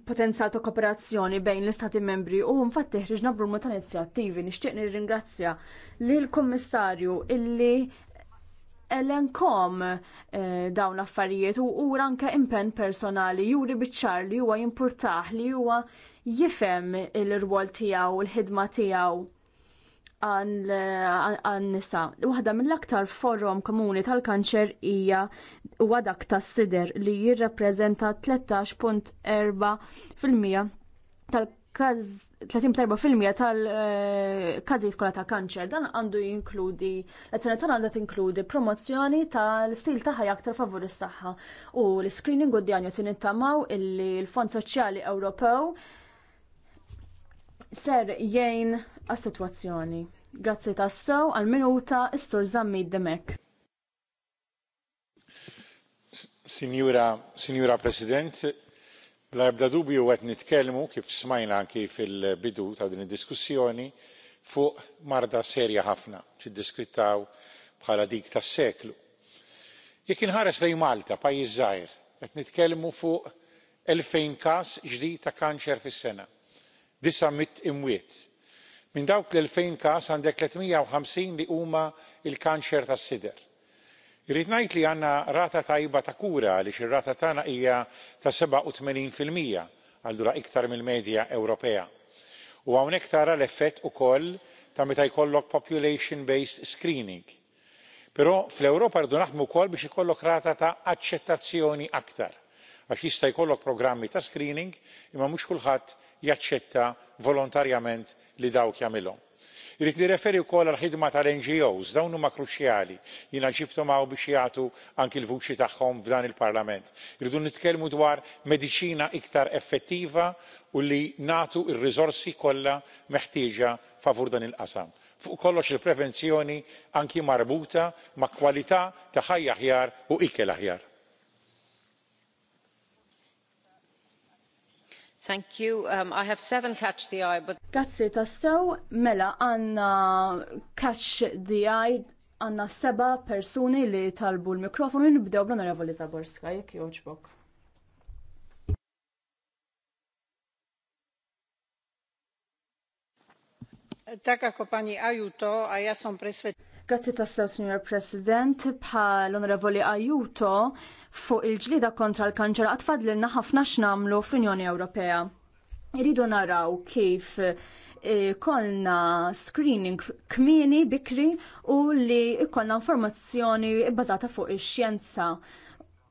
potenzjal ta' kooperazzjoni bejn l-Istati membri u infatti ħriġna b'rumma ta' inizjattivi. Nixtieq nirringrazzja lill kummissarju illi elenkom eh, dawn affarijiet u ura anke impenn personali juri biċċar li huwa jimpurtaħ li huwa jifhem il-rwol tiegħu u l-ħidma tiegħu għan nisa. Waħda mill-aktar forum komuni tal-kanċer hija huwa dak tas-sider li jirrappreżenta 13.4% tal-każ 34% tal-każijiet kollha ta' kanċer. Dan għandu jinkludi l-azzjoni tal għandha tinkludi promozzjoni tal-stil ta' ħajja aktar favur is-saħħa u l-screening u d-diagnosi nittamaw illi l-Fond Soċjali Ewropew ser jgħin għas-sitwazzjoni. Grazzi tassew għal-minuta istor zammi demek. Signora, Signora President, l ebda dubju għet nitkellmu kif smajna anki fil-bidu ta' din id-diskussjoni fuq marda serja ħafna ċid-diskrittaw bħala dik tas-seklu. Jekk inħares lejn Malta, pajjiż żgħir, qed nitkellmu fuq elfejn każ ġdid ta' kanċer fis-sena, disa' mit imwiet minn dawk l 2000 każ għandek 350 li huma l-kanċer tas-sider. irrid ngħid li għandna rata tajba ta' kura għaliex ir-rata tagħna hija ta' seba' u fil-mija allura iktar mill-medja ewropea u hawnhekk tara l-effett ukoll ta' meta jkollok population based screening. però fl-ewropa rridu naħdmu wkoll biex ikollok rata ta' aċċettazzjoni aktar għax jista' jkollok programmi ta' screening imma mhux kulħadd jaċċetta volontarjament li dawk jagħmilhom. irid nirreferi wkoll għal ħidma tal ngos dawn huma kruċjali jiena ġibthom hawn biex jagħtu anki l-vuċi tagħhom f'dan il-parlament. irridu nitkellmu dwar mediċina iktar effettiva u li nagħtu r-riżorsi kollha meħtieġa favur dan il-qasam. fuq kollox il prevenzjoni anki marbuta ma' kwalità ta' ħajja aħjar u ikel aħjar. Thank you. Um, I have seven catch the eye, but... Grazzi tassew, mela għanna catch the eye, għanna seba persuni li talbu l-mikrofonu, nibdew bl-onorevoli Zaborska, jek joġbok. Grazie a Grazzi tassew, Signor President, bħal onorevoli Ajuto fuq il-ġlida kontra l-kanċer għatfadlilna ħafna x'namlu fl-Unjoni Ewropea. Iridu naraw kif eh, kolna screening kmieni bikri u li kolna informazzjoni bbażata fuq ix-xjenza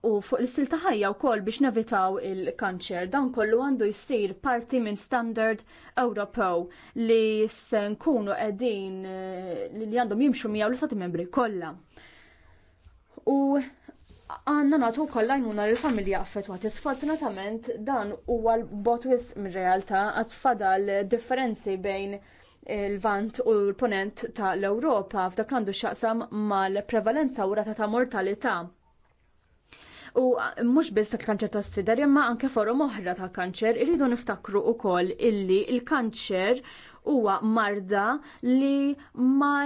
u fuq l-istil ta' ħajja wkoll biex nevitaw il-kanċer. Dan kollu għandu jsir parti minn standard Ewropew li se nkunu qegħdin eh, li għandhom jimxu miegħu l-istati membri kollha. U għanna natu kolla jnuna l-familja affettwati. Sfortunatament dan huwa l-botwis mir-realtà għad fadal differenzi bejn il-vant u l-ponent ta' l-Europa f'dak għandu xaqsam mal-prevalenza u rata ta' mortalità u mhux biss tal-kanċer tas-sider imma anke forom oħra ta' kanċer irridu niftakru wkoll illi l kanċer huwa marda li ma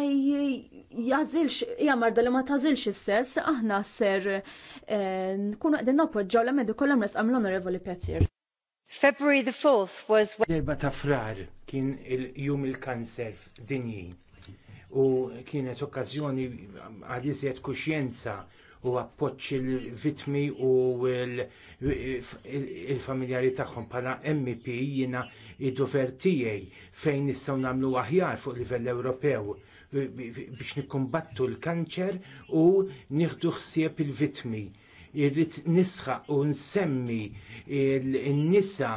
jażilx hija marda li ma tażilx is-sess aħna ser eh, nkunu qegħdin nappoġġaw l-emendi kollha mresqam l-Onorevoli Petir. February the 4th was Nerba ta' frar kien il-jum il-kanser dinji u kienet okkażjoni għal iżjed kuxjenza u appoċ il-vitmi u il-familjari tagħhom bħala MP jiena id-dover tiegħi fejn nistgħu nagħmlu aħjar fuq livell Ewropew biex nikkumbattu l-kanċer u nieħdu ħsieb il-vitmi. Irrid nisħaq u nsemmi n-nisa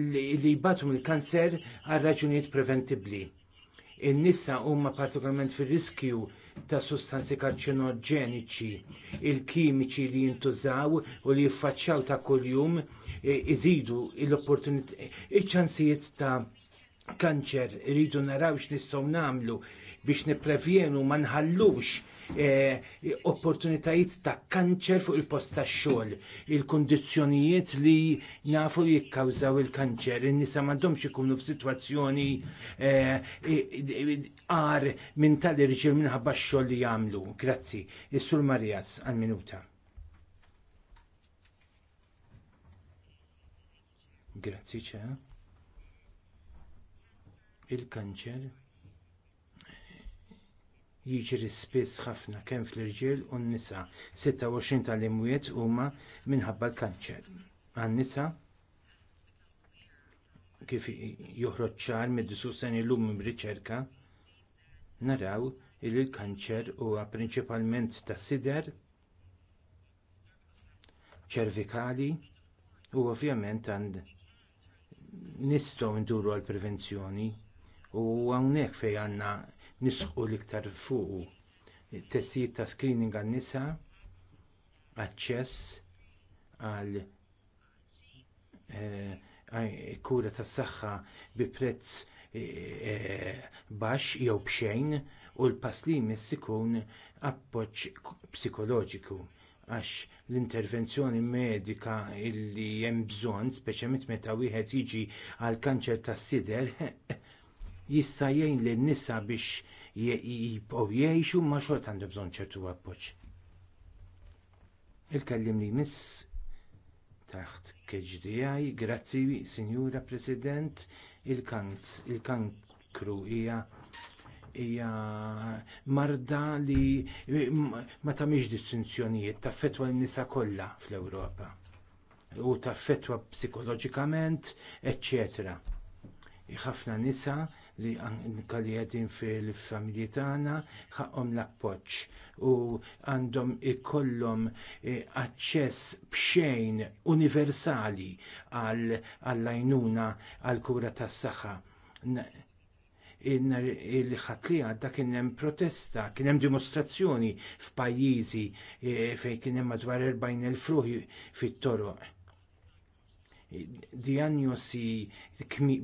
li jbatu mill-kanċer għal raġunijiet preventibbli. In-nisa huma partikolarment fir-riskju ta' sustanzi karċinoġeniċi, il-kimiċi li jintużaw u li jiffaċċjaw ta' kuljum e, iżidu l-opportunità, iċ-ċansijiet ta' kanċer, rridu naraw x'nistgħu nagħmlu biex niprevjenu ma nħallux Eh, opportunitajiet ta' kanċer fuq il-post ta' xogħol, il-kondizzjonijiet li nafu li jikkawżaw il-kanċer. In-nisa m'għandhomx ikunu f'sitwazzjoni eh, għar minn tal-irġiel minħabba x-xogħol li jagħmlu. Grazzi. Is-Sur Marjas għal-minuta. Grazzi ċe. Il-kanċer jiġri spiss ħafna kemm fl-irġiel u n-nisa. 26 tal-imwiet huma minħabba l-kanċer. Għan-nisa kif joħroġ ċar mid-disusan illum mir-riċerka naraw li l-kanċer huwa prinċipalment tas sider ċervikali u ovvjament għand nistgħu nduru għall prevenzjoni u hawnhekk fejn għandna nisħu l-iktar fuq testijiet ta' screening għan-nisa, aċċess għal eh, kura tas saħħa bi prezz eh, eh, baxx jew bxejn u l-pass li jmiss ikun appoġġ psikoloġiku għax l-intervenzjoni medika illi hemm bżonn, speċjalment meta wieħed jiġi għal kanċer tas-sider, (laughs) jista' jgħin lin nisa biex jibqgħu jgħixu ma xort għandhom bżonn ċertu appoġġ. il kellimni li miss taħt KHDI, grazzi Sinjura President, il-kankru hija hija marda li ma tagħmilx distinzjonijiet taffetwa n-nisa kollha fl-Ewropa u fetwa psikoloġikament, eċċetera. Ħafna nisa li kalli għedin fil-familji tagħna ħaqhom l-appoġġ u għandhom ikollhom e, aċċess bxejn universali għall-għajnuna għall-kura tas-saħħa e, il-ħatli għadda kien hemm protesta, kien hemm dimostrazzjoni f'pajjiżi e, fejn kien hemm madwar 40,000 fruħi fit-toroq Diagnosi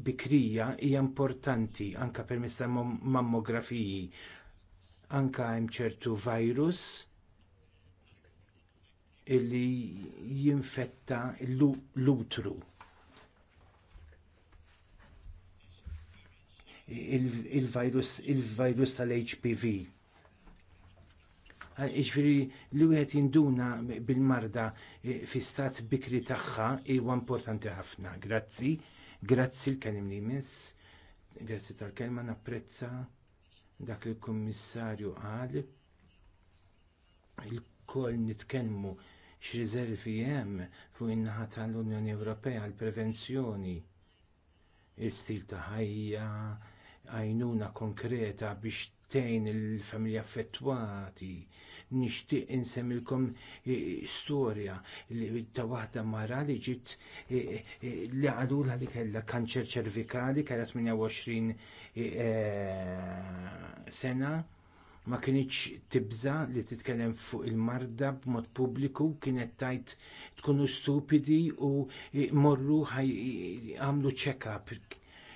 bikrija hija importanti anke permezz ta' mammografiji. Anke hemm ċertu virus illi jinfetta l-utru. il-virus il tal-HPV Eh, Iġviri li wieħed jinduna bil-marda eh, fi stat bikri tagħha huwa importanti ħafna. Grazzi, grazzi l-kelim li miss, grazzi tal-kelma napprezza dak li kummissarju qal. Il-koll nitkellmu x'riservi hemm fuq in-naħa tal-Unjoni Ewropea għall prevenzjoni il-stil ta' ħajja, għajnuna konkreta biex tgħin il-familja affettwati. Nixtieq insemmilkom eh, storja ta' waħda mara li ġiet eh, eh, li għadulha li kellha kanċer ċervikali kellha 28 sena ma kinitx tibża li titkellem fuq il-marda b'mod pubbliku kienet tajt tkunu stupidi u morru għamlu check-up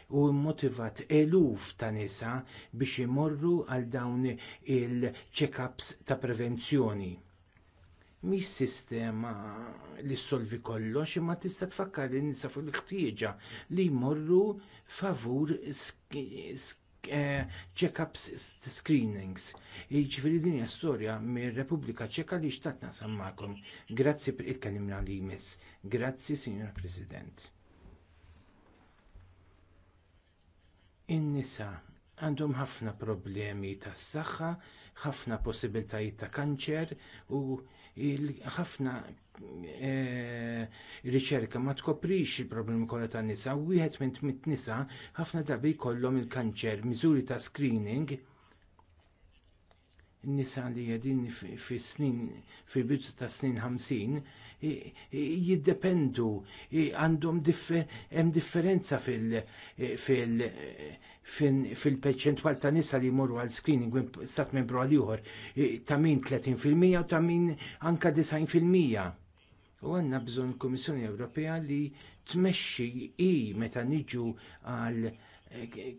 u mmotivat eluf ta' nisa biex imorru għal dawn il-check-ups ta' prevenzjoni. Mhix sistema li solvi kollox imma tista' tfakkar lin nisa fuq l-ħtieġa li jmorru favur eh, check-ups screenings. Ġifiri din hija storja mir Repubblika Ċeka li xtatna sammakom. Grazzi per il-kalimna li jmiss. Grazzi, Signor President. In-nisa għandhom ħafna problemi tas saħħa ħafna possibiltajiet ta' kanċer u ħafna e, riċerka ma tkoprix il-problemi kollha tan-nisa u wieħed minn tmit nisa ħafna drabi jkollhom il-kanċer, miżuri ta' screening nisa li jedin fi snin, fi bidu ta' snin 50, jiddependu, għandhom hemm differenza fil-perċentwal ta' nisa li jmorru għal screening stat membru għal ieħor ta' min 30% u ta' min anka 90%. U għanna bżon Komissjoni Ewropea li tmexxi i meta niġu għal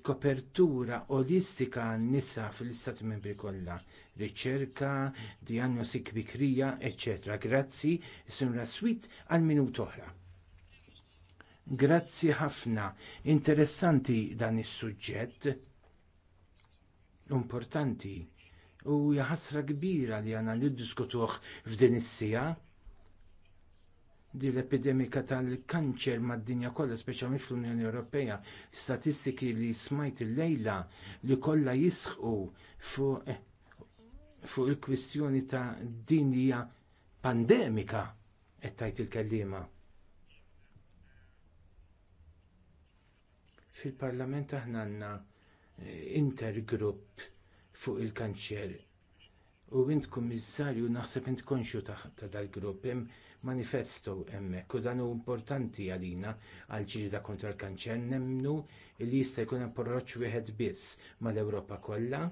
kopertura olistika għan nisa fil-Istati Membri kollha riċerka, diagnosi kbikrija, ecc. Grazzi, sun raswit għal minut oħra. Grazzi ħafna, interessanti dan is-suġġett. Importanti. U jaħasra kbira li għana li diskutuħ f'din is-sija di l-epidemika tal-kanċer mad-dinja kollha, speċjalment fl-Unjoni Ewropea, statistiki li smajt il-lejla li kollha jisħu fuq fuq il-kwistjoni ta' din hija pandemika qed tgħid il-kellima. Fil-Parlament aħna għandna eh, intergrupp fuq il-kanċer u int kummissarju naħseb int konxu ta' dal-grupp hemm manifesto hemmhekk u dan importanti għalina għal ġirida kontra l-kanċer nemmnu li jista' jkun approċċ wieħed biss mal-Ewropa kollha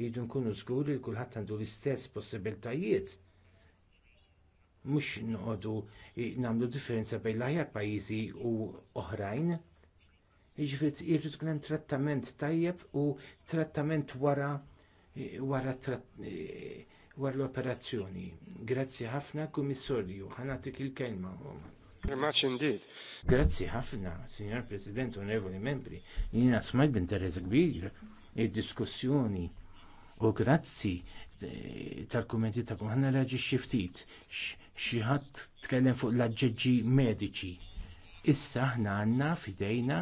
Jridu nkunu zguri li kulħadd għandu l-istess possibiltajiet. Mhux noqogħdu nagħmlu differenza bejn l-aħjar pajjiżi u oħrajn. Jiġifieri jridu tkun trattament tajjeb u trattament wara wara wara l-operazzjoni. Grazzi ħafna kummissarju, ħanatik il-kelma. Much indeed. Grazzi ħafna, Signor President, onorevoli membri, jina smajt b'interess kbir id-diskussjoni U grazzi eh, tal-kummenti ta' kumħanna raġi xiftit, xieħat tkellem fuq l-ġeġġi mediċi. Issa ħna għanna fidejna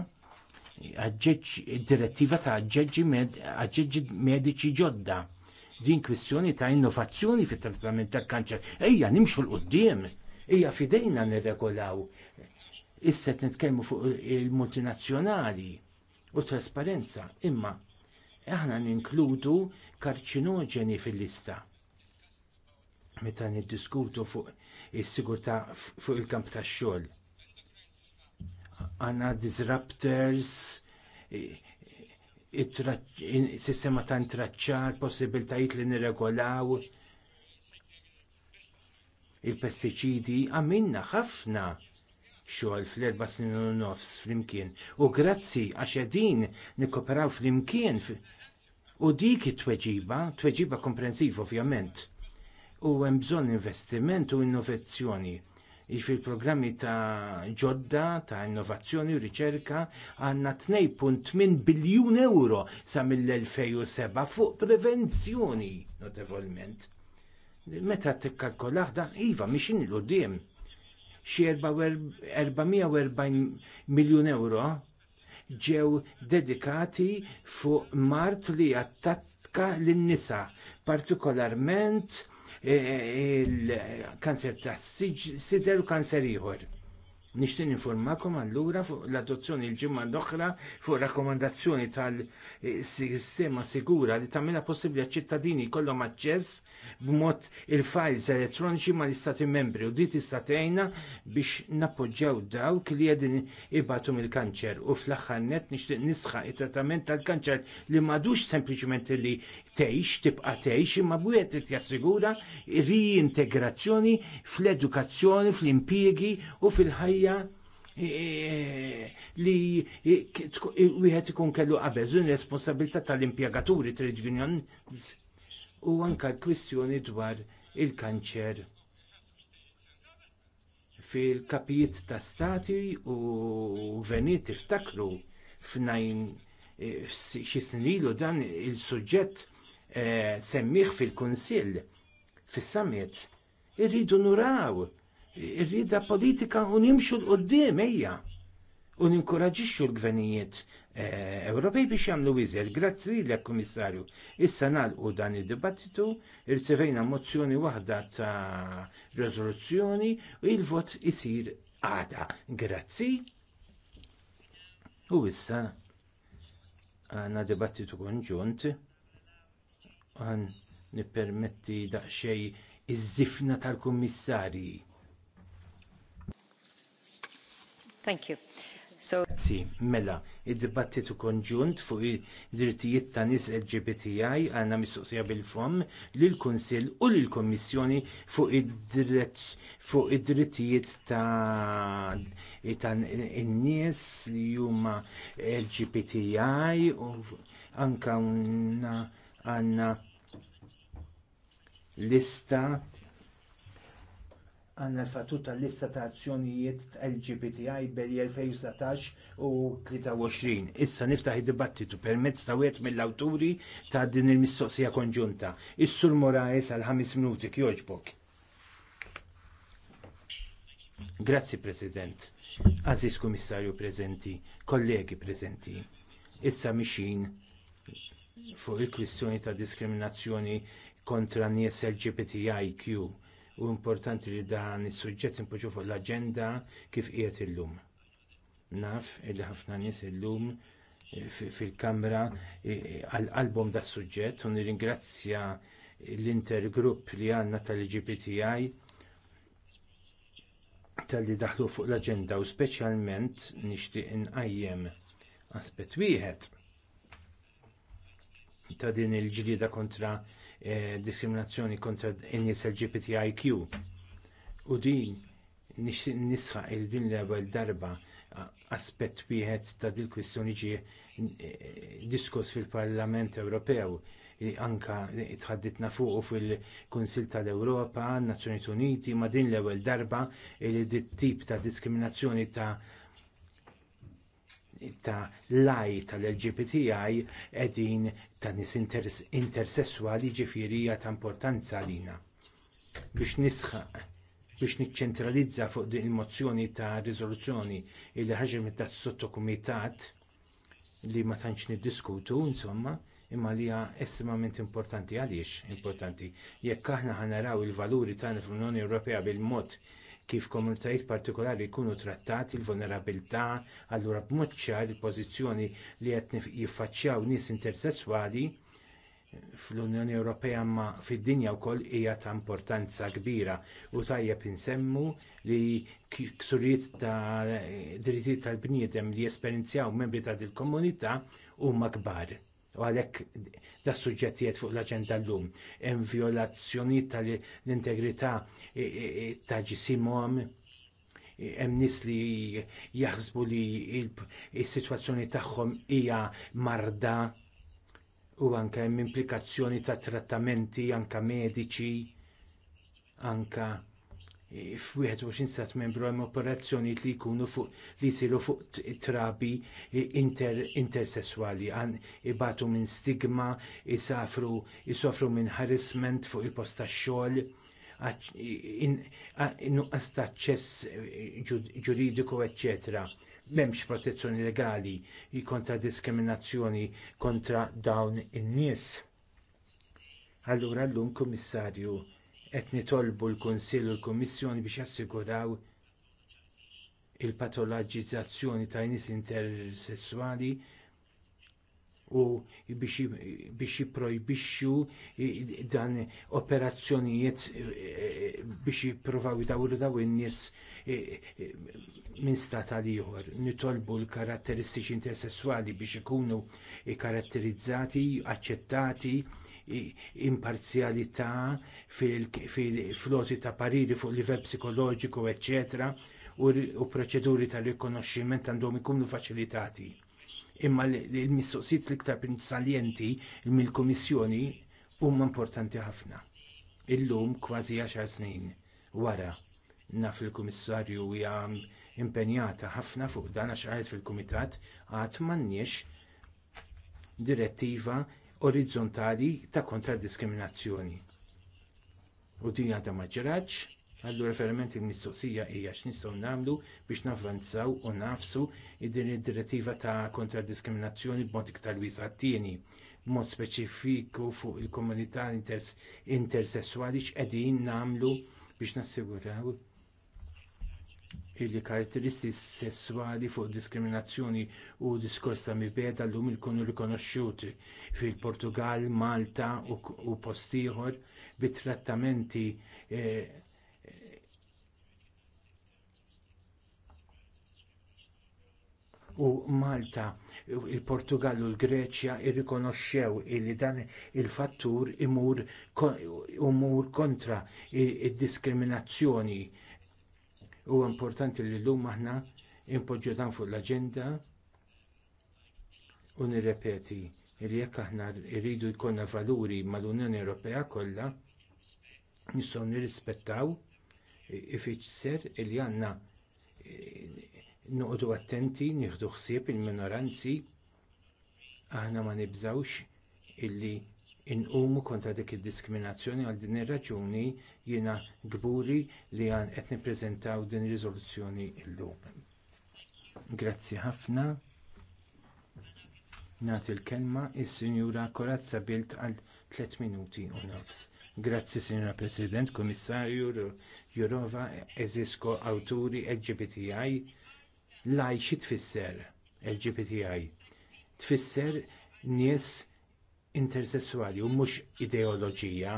direttiva ta' ġeġġi mediċi ġodda. Din kwistjoni ta' innovazzjoni fit trattament tal kanċer. Ejja, nimxu l-qoddim. Ejja, fidejna nirregolaw. Issa nitkellmu fuq il-multinazzjonali u trasparenza. Imma, aħna ninkludu karċinoġeni fil-lista. Meta niddiskutu fuq is-sigurtà fuq il-kamp tax-xogħol. Għandna disruptors, sistema ta' intraċċar, possibiltajiet li nirregolaw il-pestiċidi għamilna ħafna xogħol fl-erba snin u nofs flimkien. U grazzi għax qegħdin nikkoperaw flimkien U dik it-tweġiba, tweġiba komprensiv ovvjament, u hemm bżonn investiment u innovazzjoni fil-programmi jiġifieri ta' ġodda, ta' innovazzjoni u riċerka għandna 2.8 biljun euro sa' mill-2007 fuq prevenzjoni notevolment. Meta tikkalkolaħ da' iva miexin l qoddim Xi 440 miljun euro ġew dedikati fuq mart li attakka lin-nisa, partikolarment eh, il-kanser ta' sidel u kanser ieħor. Nixtin informakom allura fuq l-adozzjoni l-ġimma l-oħra fuq rakkomandazzjoni tal-sistema sigura li tagħmilha possibbli ċittadini jkollhom aċċess b'mod il-files elettroniċi mal istati membri u di tista' biex nappoġġjaw dawk li qegħdin ibatu mill-kanċer u fl-aħħar nett nixtieq nisħaq it-trattament tal-kanċer li madux sempliċement li tgħix tibqa' tgħix imma wieħed qed jassigura riintegrazzjoni fl-edukazzjoni, fl-impjiegi u fil-ħajja e, e, e, li wieħed ikun kellu qabel din responsabilità tal-impjegaturi trade unions u anke l-kwistjoni dwar il-kanċer fil-kapijiet ta' stati u venit iftakru f'najn xi snilu dan il-suġġett Eh, semmiħ fil-Kunsill, fis-summit, irridu nuraw, irrida politika u nimxu l-qoddim eja u ninkoraġixxu l gvenijiet eh, Ewropej biex jagħmlu iżel. Grazzi l kummissarju. Issa nagħlqu dan id-dibattitu, irtevejna mozzjoni waħda ta' riżoluzzjoni u il-vot isir għada. Grazzi. U issa għana dibattitu konġunt għan nippermetti daqxej iż-zifna tal-kummissarji. Thank you. So... Si, mela, id-dibattitu konġunt fuq id-drittijiet ta' nis LGBTI għanna mistoqsija bil-fom l-Konsil u l-Kommissjoni fuq id-drittijiet ta' n-nies li huma LGBTI u anka għanna lista għanna l tal-lista ta' azzjonijiet ta' LGBTI belli 2017 u 23. Issa niftaħ id-dibattitu permezz ta' wieħed mill-awturi ta' din il-mistoqsija konġunta. Is-Sur Moraes għal ħames minuti kjoġbok. Grazzi President, Aziz Komissarju prezenti, kollegi prezenti. Issa mixin fuq il-kwistjoni ta' diskriminazzjoni kontra nies LGBTIQ u importanti li dan is-suġġett impoġġu fuq l-aġenda kif qiegħed illum. Naf li ħafna nies illum eh, fil-kamra eh, għal-album da' suġġett u nirringrazzja l-intergrupp li għandna tal-LGBTI tal-li daħlu fuq l aġenda u speċjalment nixtieq inqajjem aspett wieħed ta' din il ġlieda kontra Eh, diskriminazzjoni kontra n-nies LGBTIQ. U din nisħa il din l-ewwel darba aspett wieħed ta' dil kwistjoni ġie eh, diskuss fil-Parlament Ewropew li anka fuq u fil-Kunsil tal-Ewropa, Nazzjonijiet Uniti, ma din l-ewwel darba li dit tip ta' diskriminazzjoni ta' ta' laj tal-LGBTI edin ta' nis intersessuali ġifirija ta' importanza għalina. Biex nisħaq, biex niċċentralizza fuq din il-mozzjoni ta' riżoluzzjoni il ħaġem ta' sottokumitat li ma tantx niddiskutu, insomma, imma li hija estremament importanti għaliex importanti. Jekk aħna ħanaraw il-valuri tagħna fl-Unjoni Ewropea bil-mod kif komunitajiet partikolari jkunu trattati il-vulnerabilità, allura b'mod ċar il-pożizzjoni li qed jiffaċċjaw nies intersesswali fl-Unjoni Ewropea ma fid-dinja wkoll hija ta' importanza kbira u tajjeb insemmu li ksurijiet ta' drittijiet tal-bniedem li esperjenzaw membri ta' dil-komunità huma kbar u għalhekk da suġġettijiet fuq l-aġenda llum. Hemm violazzjoni tal-integrità e- e- e- ta' ġisimhom hemm nis li jaħsbu li s-sitwazzjoni tagħhom hija marda u anke hemm implikazzjoni ta' trattamenti anke mediċi anke f-21 sat membru hemm operazzjonijiet li jkunu fuq li jsiru fuq trabi inter, intersessuali għan ibatu minn stigma, jisafru isofru minn harassment fuq il posta xogħol nuqqas ta' ċess eh, ġuridiku, eccetera. M'hemmx protezzjoni legali kontra diskriminazzjoni kontra dawn in-nies. Allura llum, kommissarju qed nitolbu l-Kunsill u l-Kummissjoni biex jassiguraw il-patoloġizzazzjoni ta' nies intersesswali u biex jiprojbixxu dan operazzjonijiet e- e- biex jippruvaw jidawru daw in-nies e- minn stat għal ieħor. Nitolbu l-karatteristiċi intersessuali biex ikunu karatterizzati, aċċettati, imparzjalità fil-floti ta' pariri fuq livell psikoloġiku, eccetera, u proċeduri tal-rikonoxximent għandhom ikunu faċilitati Imma l-mistoqsijiet l-iktar salienti mill-Kummissjoni huma importanti ħafna. Illum kważi 10 snin wara naf il-Kummissarju hija impenjata ħafna fuq dan għax għajt fil-Kumitat għad m'għandniex direttiva orizzontali ta' kontra diskriminazzjoni. U din għadha ma ġraġ, Allura referiment il-mistoqsija hija x'nistgħu nagħmlu biex navvanzaw u nafsu id-din id-direttiva ta' kontra diskriminazzjoni b'mod iktar tat-tieni b'mod speċifiku fuq il-komunità intersesswali x'qegħdin nagħmlu biex nassiguraw il karatteristi sesswali fuq diskriminazzjoni u diskors ta' mibeda llum ikunu rikonoxxuti fil-Portugal, Malta u, u postiħor bit trattamenti eh, U Malta, il-Portugal u l-Greċja irrikonoxxew li dan il-fattur imur, kontra d diskriminazzjoni U importanti li llum aħna impoġġu dan fuq l-aġenda u nirrepeti li jekk aħna rridu jkollna valuri mal-Unjoni Ewropea kollha nistgħu nirrispettaw ifisser li għandna eh, nuqdu attenti, nieħdu ħsieb il-minoranzi, aħna ma nibżawx illi inqumu kontra dik id-diskriminazzjoni għal din ir-raġuni jiena gburi li għan qed nippreżentaw din riżoluzzjoni llum. Grazzi ħafna. Nagħti l-kelma is-Sinjura Korazza Bilt għal 3 minuti u nofs. Grazzi, Signora President, Komissarju, Jurova, eżisko awturi LGBTI. Laj xi tfisser LGBTI? Tfisser nies intersessuali u mhux ideoloġija.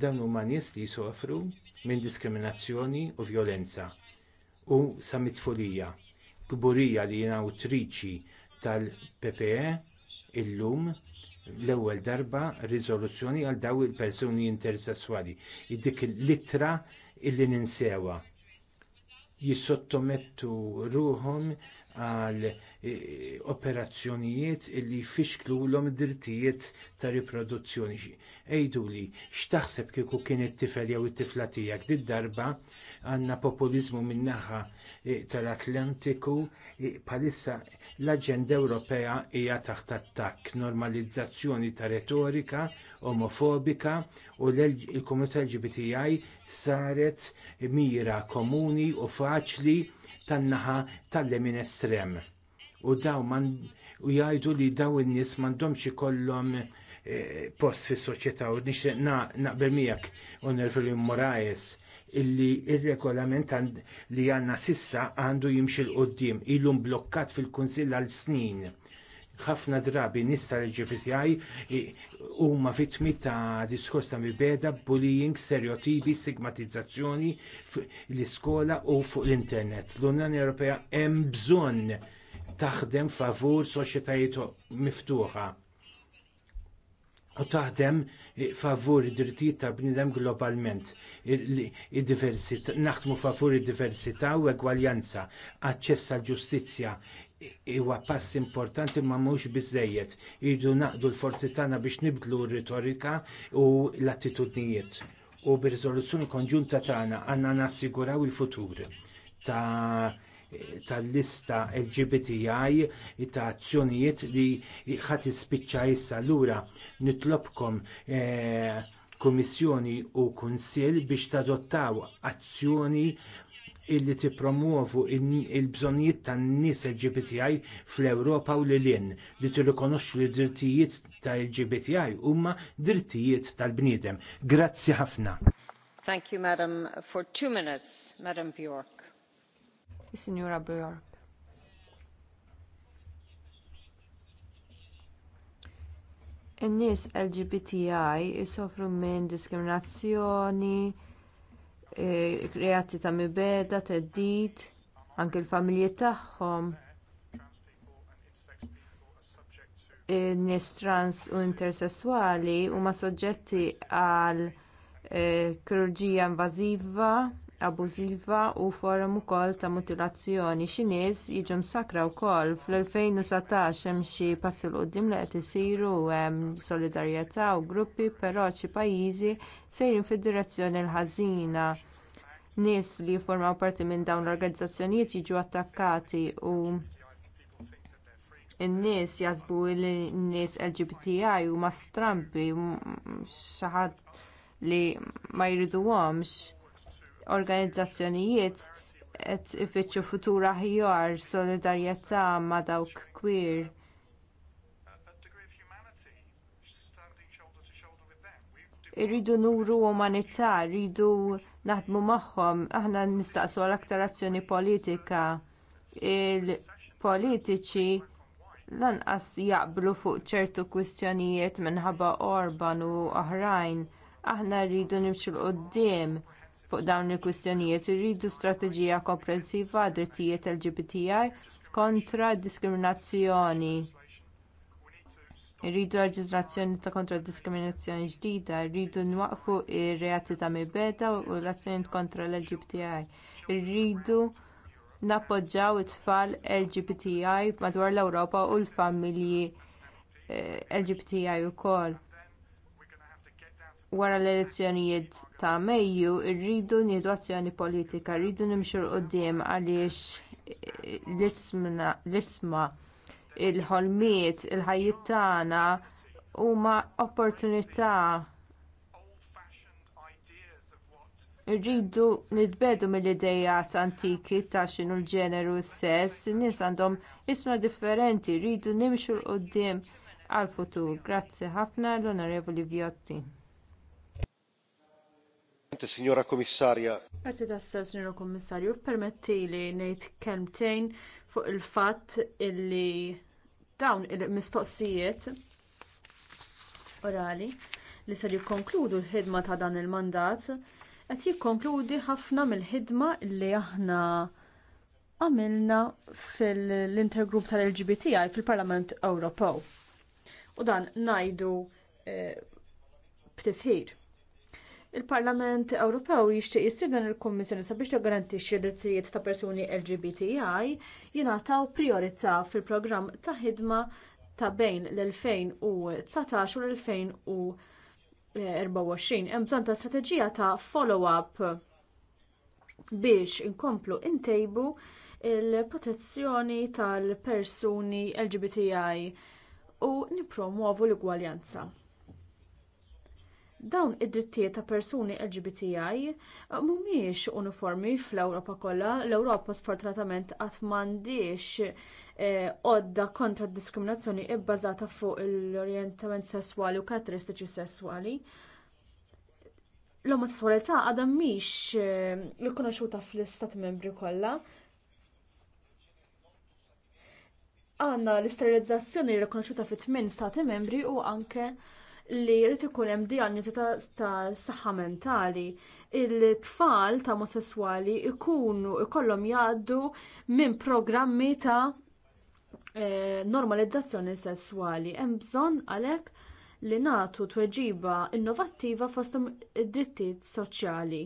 Dan huma nies li jsofru minn diskriminazzjoni u vjolenza u sa mitfulija. Kburija li jiena awtriċi tal-PPE illum l-ewwel darba riżoluzzjoni għal daw il-persuni intersessuali. Dik il ittra illi ninsewa. Jissottomettu ruhom għal e, operazzjonijiet illi jfixklu l-om drittijiet ta' riproduzzjoni. Ejdu li, xtaħseb kieku kien it-tifel jew it-tifla tijak, did darba għanna populiżmu min-naħa eh, tal-Atlantiku bħalissa eh, l-Aġenda Ewropea hija taħt attakk, normalizzazzjoni ta' retorika omofobika u l-komunità LGBTI saret mira komuni u faċli tan-naħa tal-lemin estrem. U daw man u jgħidu li daw in-nies m'għandhomx ikollhom eh, post fis soċjetà u nixtieq naqbel miegħek u nervu Moraes illi il-regolament li għanna sissa għandu jimxil l-qoddim, illum blokkat fil-Kunsill għal snin. ħafna drabi nista l-LGBTI huma vittmi ta' diskorsa mi beda, bullying, stereotipi, stigmatizzazzjoni l-iskola u fuq l-internet. L-Unjoni Ewropea hemm bżonn taħdem favur soċjetajiet miftuħa u taħdem favur id-drittijiet tal-bniedem globalment. Naħdmu favur id-diversità u egwaljanza, aċċess għall ġustizzja huwa pass importanti ma mhux biżżejjed. Irdu naqdu l-forzi tagħna biex nibdlu r-retorika u l-attitudnijiet. U bir-riżoluzzjoni konġunta tagħna għandna nassiguraw il-futur ta' tal-lista LGBTI ta' azzjonijiet li ħadd ispiċċa issa allura nitlobkom eh, Kummissjoni u Kunsill biex tadottaw azzjoni illi tippromuovu il-bżonnijiet tan-nies LGBTI fl-Ewropa u lilin li tirrikonoxxu li drittijiet ta' LGBTI huma drittijiet tal-bniedem. Grazzi ħafna. Thank you, Madam, for two minutes, Madam Bjork is-Sinjura Bjork. In-nies LGBTI jisofru minn diskriminazzjoni, kreati e, ta' mibeda, theddid, anke l-familji tagħhom. In-nies trans u intersesswali huma soġġetti għal e, kirurġija invażiva abużiva u forum ukoll ta' mutilazzjoni. Xi nies jiġu msakra wkoll fl-2017 hemm xi passi l qudiem li qed isiru hemm solidarjetà u gruppi, però xi pajjiżi sejrin fid-direzzjoni l-ħażina. Nies li jiffurmaw parti minn dawn l-organizzazzjonijiet jiġu attakkati u in-nies jaħsbu li n-nies LGBTI huma strambi xi ħadd li ma jriduhomx organizzazzjonijiet qed ifittxu futur aħjar solidarjetà ma' dawk kwir. Irridu nuru umanità, rridu naħdmu magħhom, aħna nistaqsu għal aktar azzjoni politika. Il-politiċi lanqas jaqblu fuq ċertu kwistjonijiet minħabba Orban u oħrajn. Aħna rridu nimxu l-qoddim fuq dawn il-kwistjonijiet irridu strateġija komprensiva għad drittijiet LGBTI kontra d diskriminazzjoni. Irridu leġiżlazzjoni ta' kontra d diskriminazzjoni ġdida, irridu nwaqfu r reati ta' mibeda u l-azzjoni kontra l-LGBTI. Irridu nappoġġjaw it-tfal LGBTI madwar l-Ewropa u l-familji eh, LGBTI wkoll wara l-elezzjonijiet ta' Mejju rridu nieħdu azzjoni politika, rridu nimxu l-qoddim għaliex eh, l-isma il-ħolmiet, il-ħajjiet tagħna huma opportunità Irridu nitbedu mill-idejat antiki ta' xinu l-ġeneru s-sess, in nis għandhom isma differenti, rridu nimxu l-qoddim għal-futur. Grazzi ħafna l-Onorevoli Vjotti. Signora commissaria. Grazie tassew, Signora commissario. permetti li nejt kelmtejn fuq il-fat illi dawn il-mistoqsijiet orali li ser jikkonkludu l-ħidma ta' dan il-mandat qed jikkonkludi ħafna mill-ħidma li aħna għamilna fil-intergrupp tal-LGBTI fil-Parlament Ewropew. U dan najdu e, eh, btifħir. Il-Parlament Ewropew jixtieq jistieden il-Kummissjoni sabiex tiggarantixxi drittijiet ta' persuni LGBTI jingħataw priorità fil-programm ta' ħidma ta' bejn l-2019 u l-2024. Hemm bżonn ta' strateġija ta' follow-up biex inkomplu intejbu il-protezzjoni tal-persuni LGBTI u nippromuovu l-ugwaljanza. Dawn id-drittijiet ta' persuni LGBTI uh, mhumiex uniformi fl-Ewropa kollha. L-Ewropa sfortunatament qatt m'għandix eh, għodda eh, kontra d diskriminazzjoni bbażata fuq l-orjentament sesswali u karatteristiċi sesswali. L-omosessualità għadha mhix eh, rikonoxxuta fl-Istati Membri kollha. Għandna l-isterilizzazzjoni rikonoxxuta fit-tmien stati membri u anke li jrid ikun hemm diagnosi ta' saħħa mentali. Il-tfal ta' omosessuali ikunu ikollhom jgħaddu minn programmi ta' eh, normalizzazzjoni sessuali. Hemm bżonn għalhekk li nagħtu tweġiba innovattiva fosthom id-drittijiet soċjali.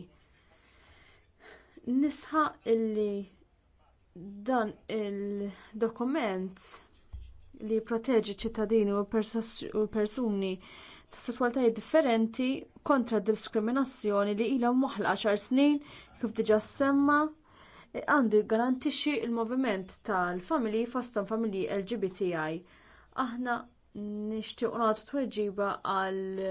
Nisħaq illi dan il-dokument li proteġi ċittadini u l persuni ta' sesswaltajiet differenti kontra d diskriminazzjoni li ilha moħla 10 snin kif diġà semma e, għandu jiggarantixxi l moviment tal-familji fosthom familji LGBTI. Aħna nixtiequ nagħtu tweġiba għal